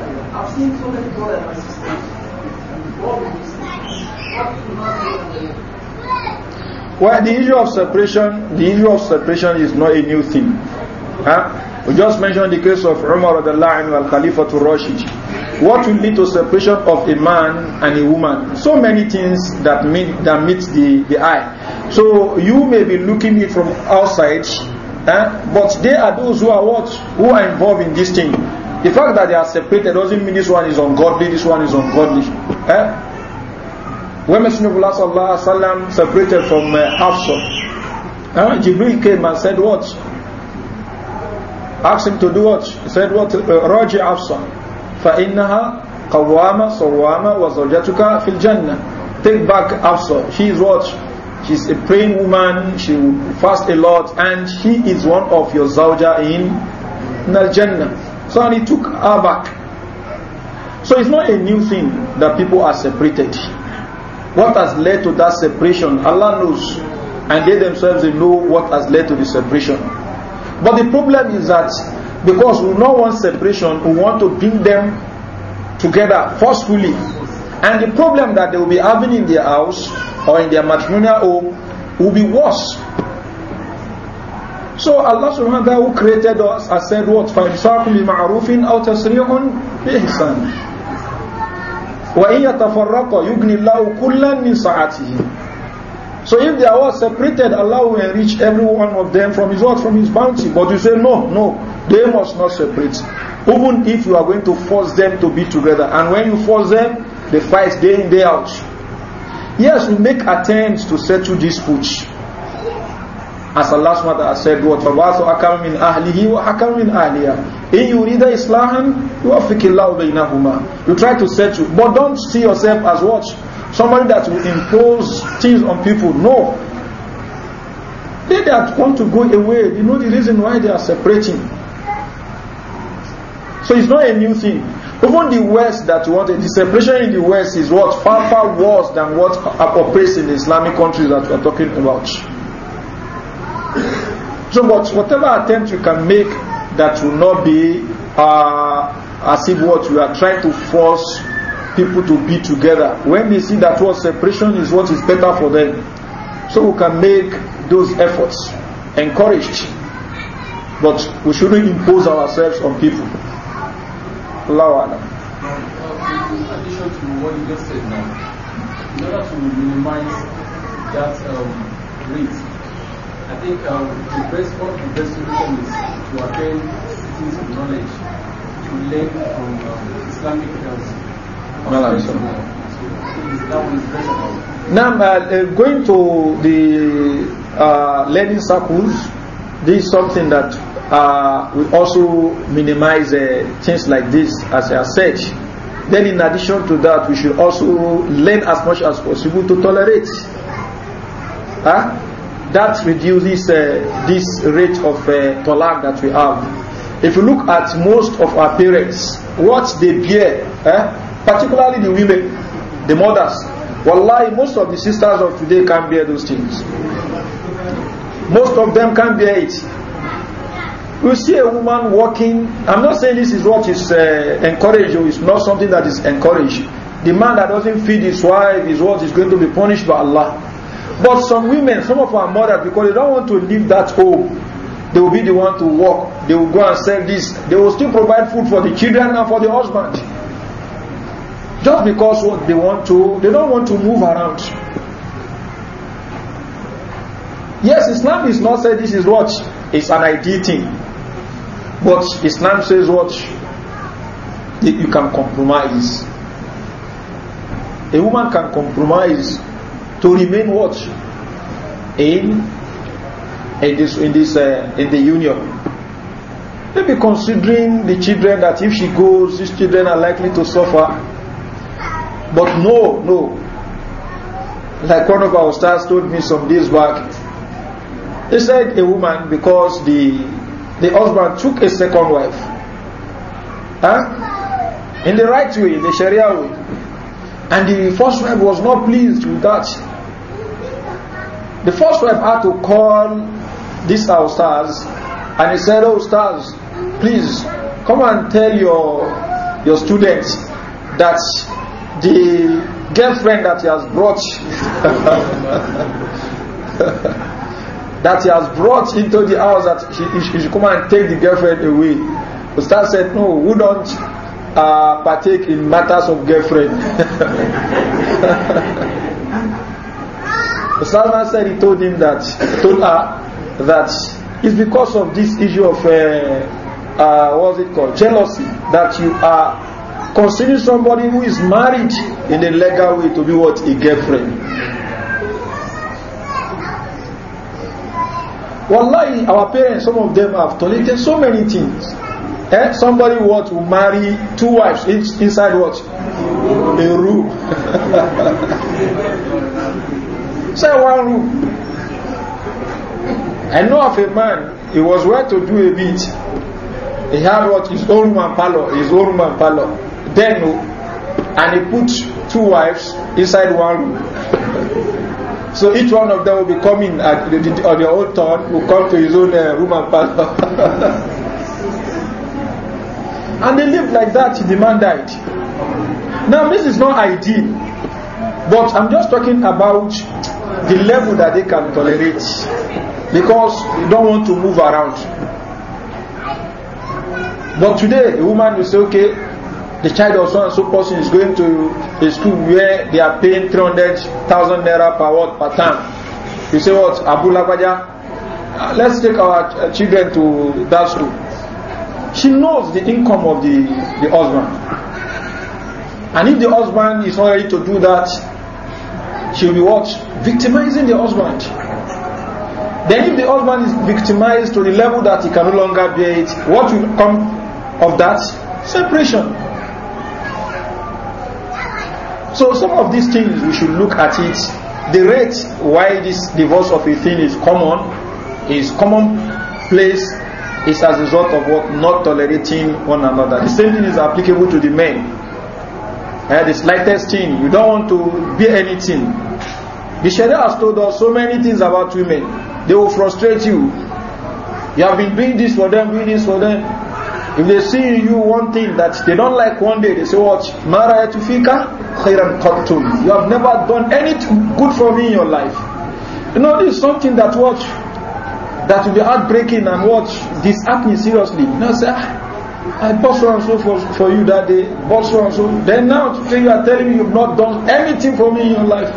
I've seen so many brothers and sisters well, the issue of separation, the issue of separation is not a new thing. Huh? We just mentioned the case of Umar al Khalifa to Rashid. What will lead to separation of a man and a woman? So many things that meet that meet the, the eye. So you may be looking it from outside, huh? but they are those who are what who are involved in this thing. The fact that they are separated doesn't mean this one is ungodly, this one is ungodly. Eh? When Messenger of Allah sallam, separated from uh, Hafsa, eh? Jibril came and said what? Asked him to do what? He said what? Uh, Raji Hafsa. فَإِنَّهَا قَوَّامَ صَرْوَامَ وَزَوْجَتُكَ فِي الْجَنَّةِ Take back Hafsa. She is what? She's a praying woman, she will fast a lot, and she is one of your zawja in Al-Jannah. So and he took her back. So it's not a new thing that people are separated. What has led to that separation, Allah knows. And they themselves they know what has led to the separation. But the problem is that because we don't want separation, we want to bring them together forcefully. And the problem that they will be having in their house or in their matrimonial home will be worse So Allah subhanahu who created us has said what? فَإِمْسَاكُمْ بِمَعْرُوفٍ أَوْ تَسْرِيحٌ بِإِحْسَانٍ وَإِنْ يَتَفَرَّقَ يُغْنِ اللَّهُ كُلًّا مِنْ سَعَتِهِ So if they were separated, Allah will enrich every one of them from his what? From his bounty. But you say, no, no, they must not separate. Even if you are going to force them to be together. And when you force them, they fight day in, day out. Yes, we make attempts to settle disputes. As Allah SWT said, وَتَوَاثُ أَكَمْ مِنْ أَهْلِهِ وَأَكَمْ مِنْ أَهْلِهَا إِنْ يُرِيدَ إِصْلَاحًا يُوَفِّكِ اللَّهُ بَيْنَهُمَا You try to settle, but don't see yourself as what? Somebody that will impose things on people. No. They that want to go away, you know the reason why they are separating. So it's not a new thing. Even the West that wanted, the separation in the West is what? Far, far worse than what operates in the Islamic countries that we are talking about. So, but whatever attempt you can make that will not be uh, as if what you are trying to force people to be together. When they see that what separation is what is better for them, so we can make those efforts encouraged. But we shouldn't impose ourselves on people. Allah In addition to what you just said now, in order to minimize that um, rate I think um, the best the best solution is to attend cities of knowledge to learn from um, Islamic culture. Well, so, now, uh, uh, going to the uh, learning circles, this is something that uh, we also minimize uh, things like this, as I said. Then, in addition to that, we should also learn as much as possible to tolerate. Huh? that reduces uh, this rate of uh, that we have. If you look at most of our parents, what they bear, eh? particularly the women, the mothers, wallahi, most of the sisters of today can't bear those things. Most of them can't bear it. You see a woman walking, I'm not saying this is what is uh, encouraged, it's not something that is encouraged. The man that doesn't feed his wife is what is going to be punished by Allah. But some women, some of our mothers, because they don't want to leave that home, they will be the one to work. They will go and sell this. They will still provide food for the children and for the husband. Just because what they want to, they don't want to move around. Yes, Islam is not saying this is what is an ideal thing. But Islam says what? That you can compromise. A woman can compromise to remain what in in this in this uh, in the union maybe considering the children that if she goes these children are likely to suffer but no no like one of our stars told me some days back he said a woman because the the husband took a second wife huh? in the right way the sharia way And the first wife was not pleased with that. The first wife had to call this our stars and he said, Oh stars, please come and tell your your students that the girlfriend that he has brought that he has brought into the house that he, he, should come and take the girlfriend away. The star said, No, who don't uh, partake in matters of girlfriend. Salman said he told him that, told her that it's because of this issue of uh, uh, what's it called, jealousy, that you are considering somebody who is married in a legal way to be what a girlfriend. Wallahi, our parents, some of them have tolerated so many things. Eh? Somebody what will marry two wives each inside what? A room. Say one room. I know of a man, he was well to do a bit. He had what? His own room and parlor. His own room and parlor. Then, oh, and he put two wives inside one room. so each one of them will be coming at the, on their own turn, will come to his own uh, room and parlor. And they lived like that till the man died. Now, this is not ideal, but I'm just talking about the level that they can tolerate because they don't want to move around. But today, a woman will say, okay, the child of so and so person is going to a school where they are paying 300,000 naira per what per term. You say, what, Abu Lagwaja? Let's take our children to that school. she knows the income of the, the husband. And if the husband is not ready to do that, she'll be what? Victimizing the husband. Then if the husband is victimized to the level that he can no longer bear it, what will come of that? Separation. So some of these things we should look at it. The rate why this divorce of a thing is common is commonplace is as a result of what not tolerating one another. The same thing is applicable to the men. Uh, the slightest thing, you don't want to be anything. The Sharia has told us so many things about women. They will frustrate you. You have been doing this for them, doing this for them. If they see you one thing that they don't like one day, they say, What? Mara fika khairan qattum. You have never done anything good for me in your life. You know, this is something that what that will be heartbreaking and what happening seriously. You know, say, ah, I bought so and so for, for you that day, bought so and so. Then now today you are telling me you've not done anything for me in your life.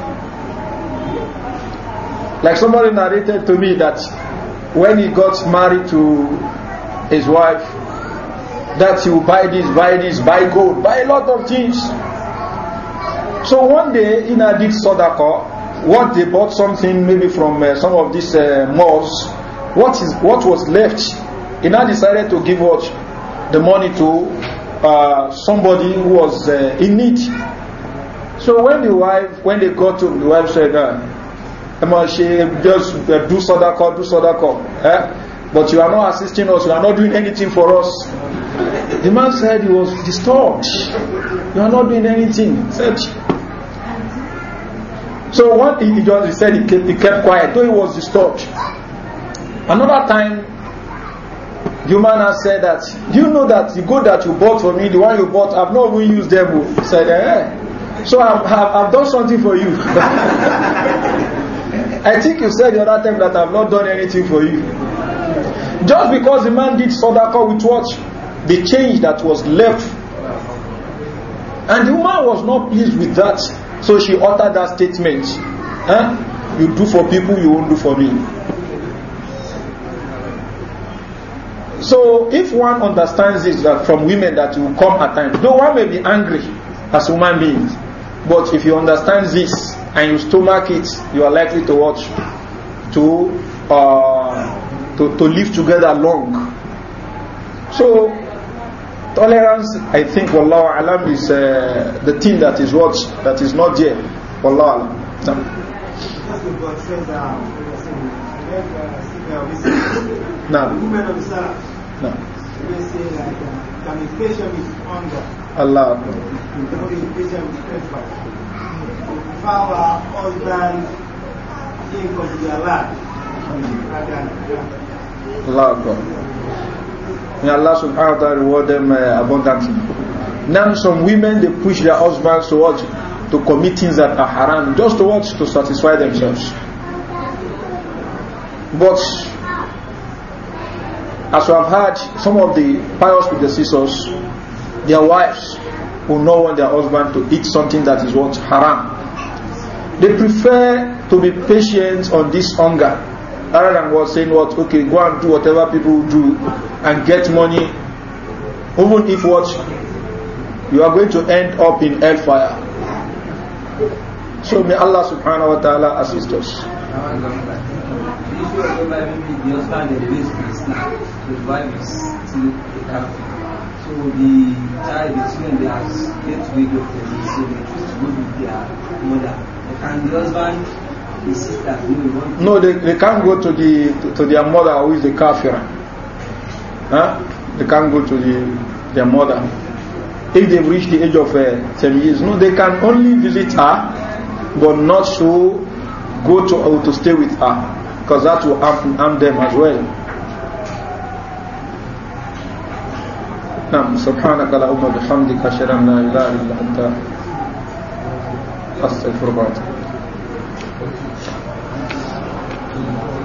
Like somebody narrated to me that when he got married to his wife, that he will buy this, buy this, buy gold, buy a lot of things. So one day in Adik Sodaka, what they bought something maybe from uh, some of these uh, malls, what is what was left he now decided to give what the money to uh, somebody who was uh, in need so when the wife when they got to the wife said uh, ah, she just uh, do call, do sadaqah eh? but you are not assisting us you are not doing anything for us the man said he was disturbed you are not doing anything said so what he, he just he said he kept, he kept quiet though he was disturbed Another time, the woman has said that, Do you know that the goat that you bought for me, the one you bought, I've not even used them. Oh? He said, eh. So I've, I've, I've done something for you. I think you said the other time that I've not done anything for you. Just because the man did sadaqa with what? The change that was left. And the woman was not pleased with that. So she uttered that statement. "Huh? You do for people, you won't do for me. So if one understands this that from women that you come at times, though one may be angry as human beings, but if you understand this and you stomach it, you are likely to watch to uh, to, to live together long. So tolerance, I think, wallahu alam, is uh, the thing that is what that is not there, wallahu alam. Now, women observe. No. They say like uh, can Allah. You can reward them uh, abundantly. Now some women they push their husbands towards to commit things that are haram just towards to satisfy themselves. But as we have heard, some of the pious predecessors, their wives will not want their husband to eat something that is what haram. They prefer to be patient on this hunger rather than what saying what okay go and do whatever people do and get money, even if what you are going to end up in hellfire. So may Allah subhanahu wa taala assist us. if you remember maybe the husband and the wife now, the wife is still a captive. So the child between they are get rid of them, so they choose to go with their mother. And the husband the sister, the no, they, they can't go to the to, to their mother who is the kafir. Huh? They can't go to the their mother if they reach the age of uh, 10 years. No, they can only visit her, but not to go to or to stay with her. because that will harm, harm them as well. نعم سبحانك اللهم وبحمدك أشهد أن لا إله إلا أنت أستغفرك وأتوب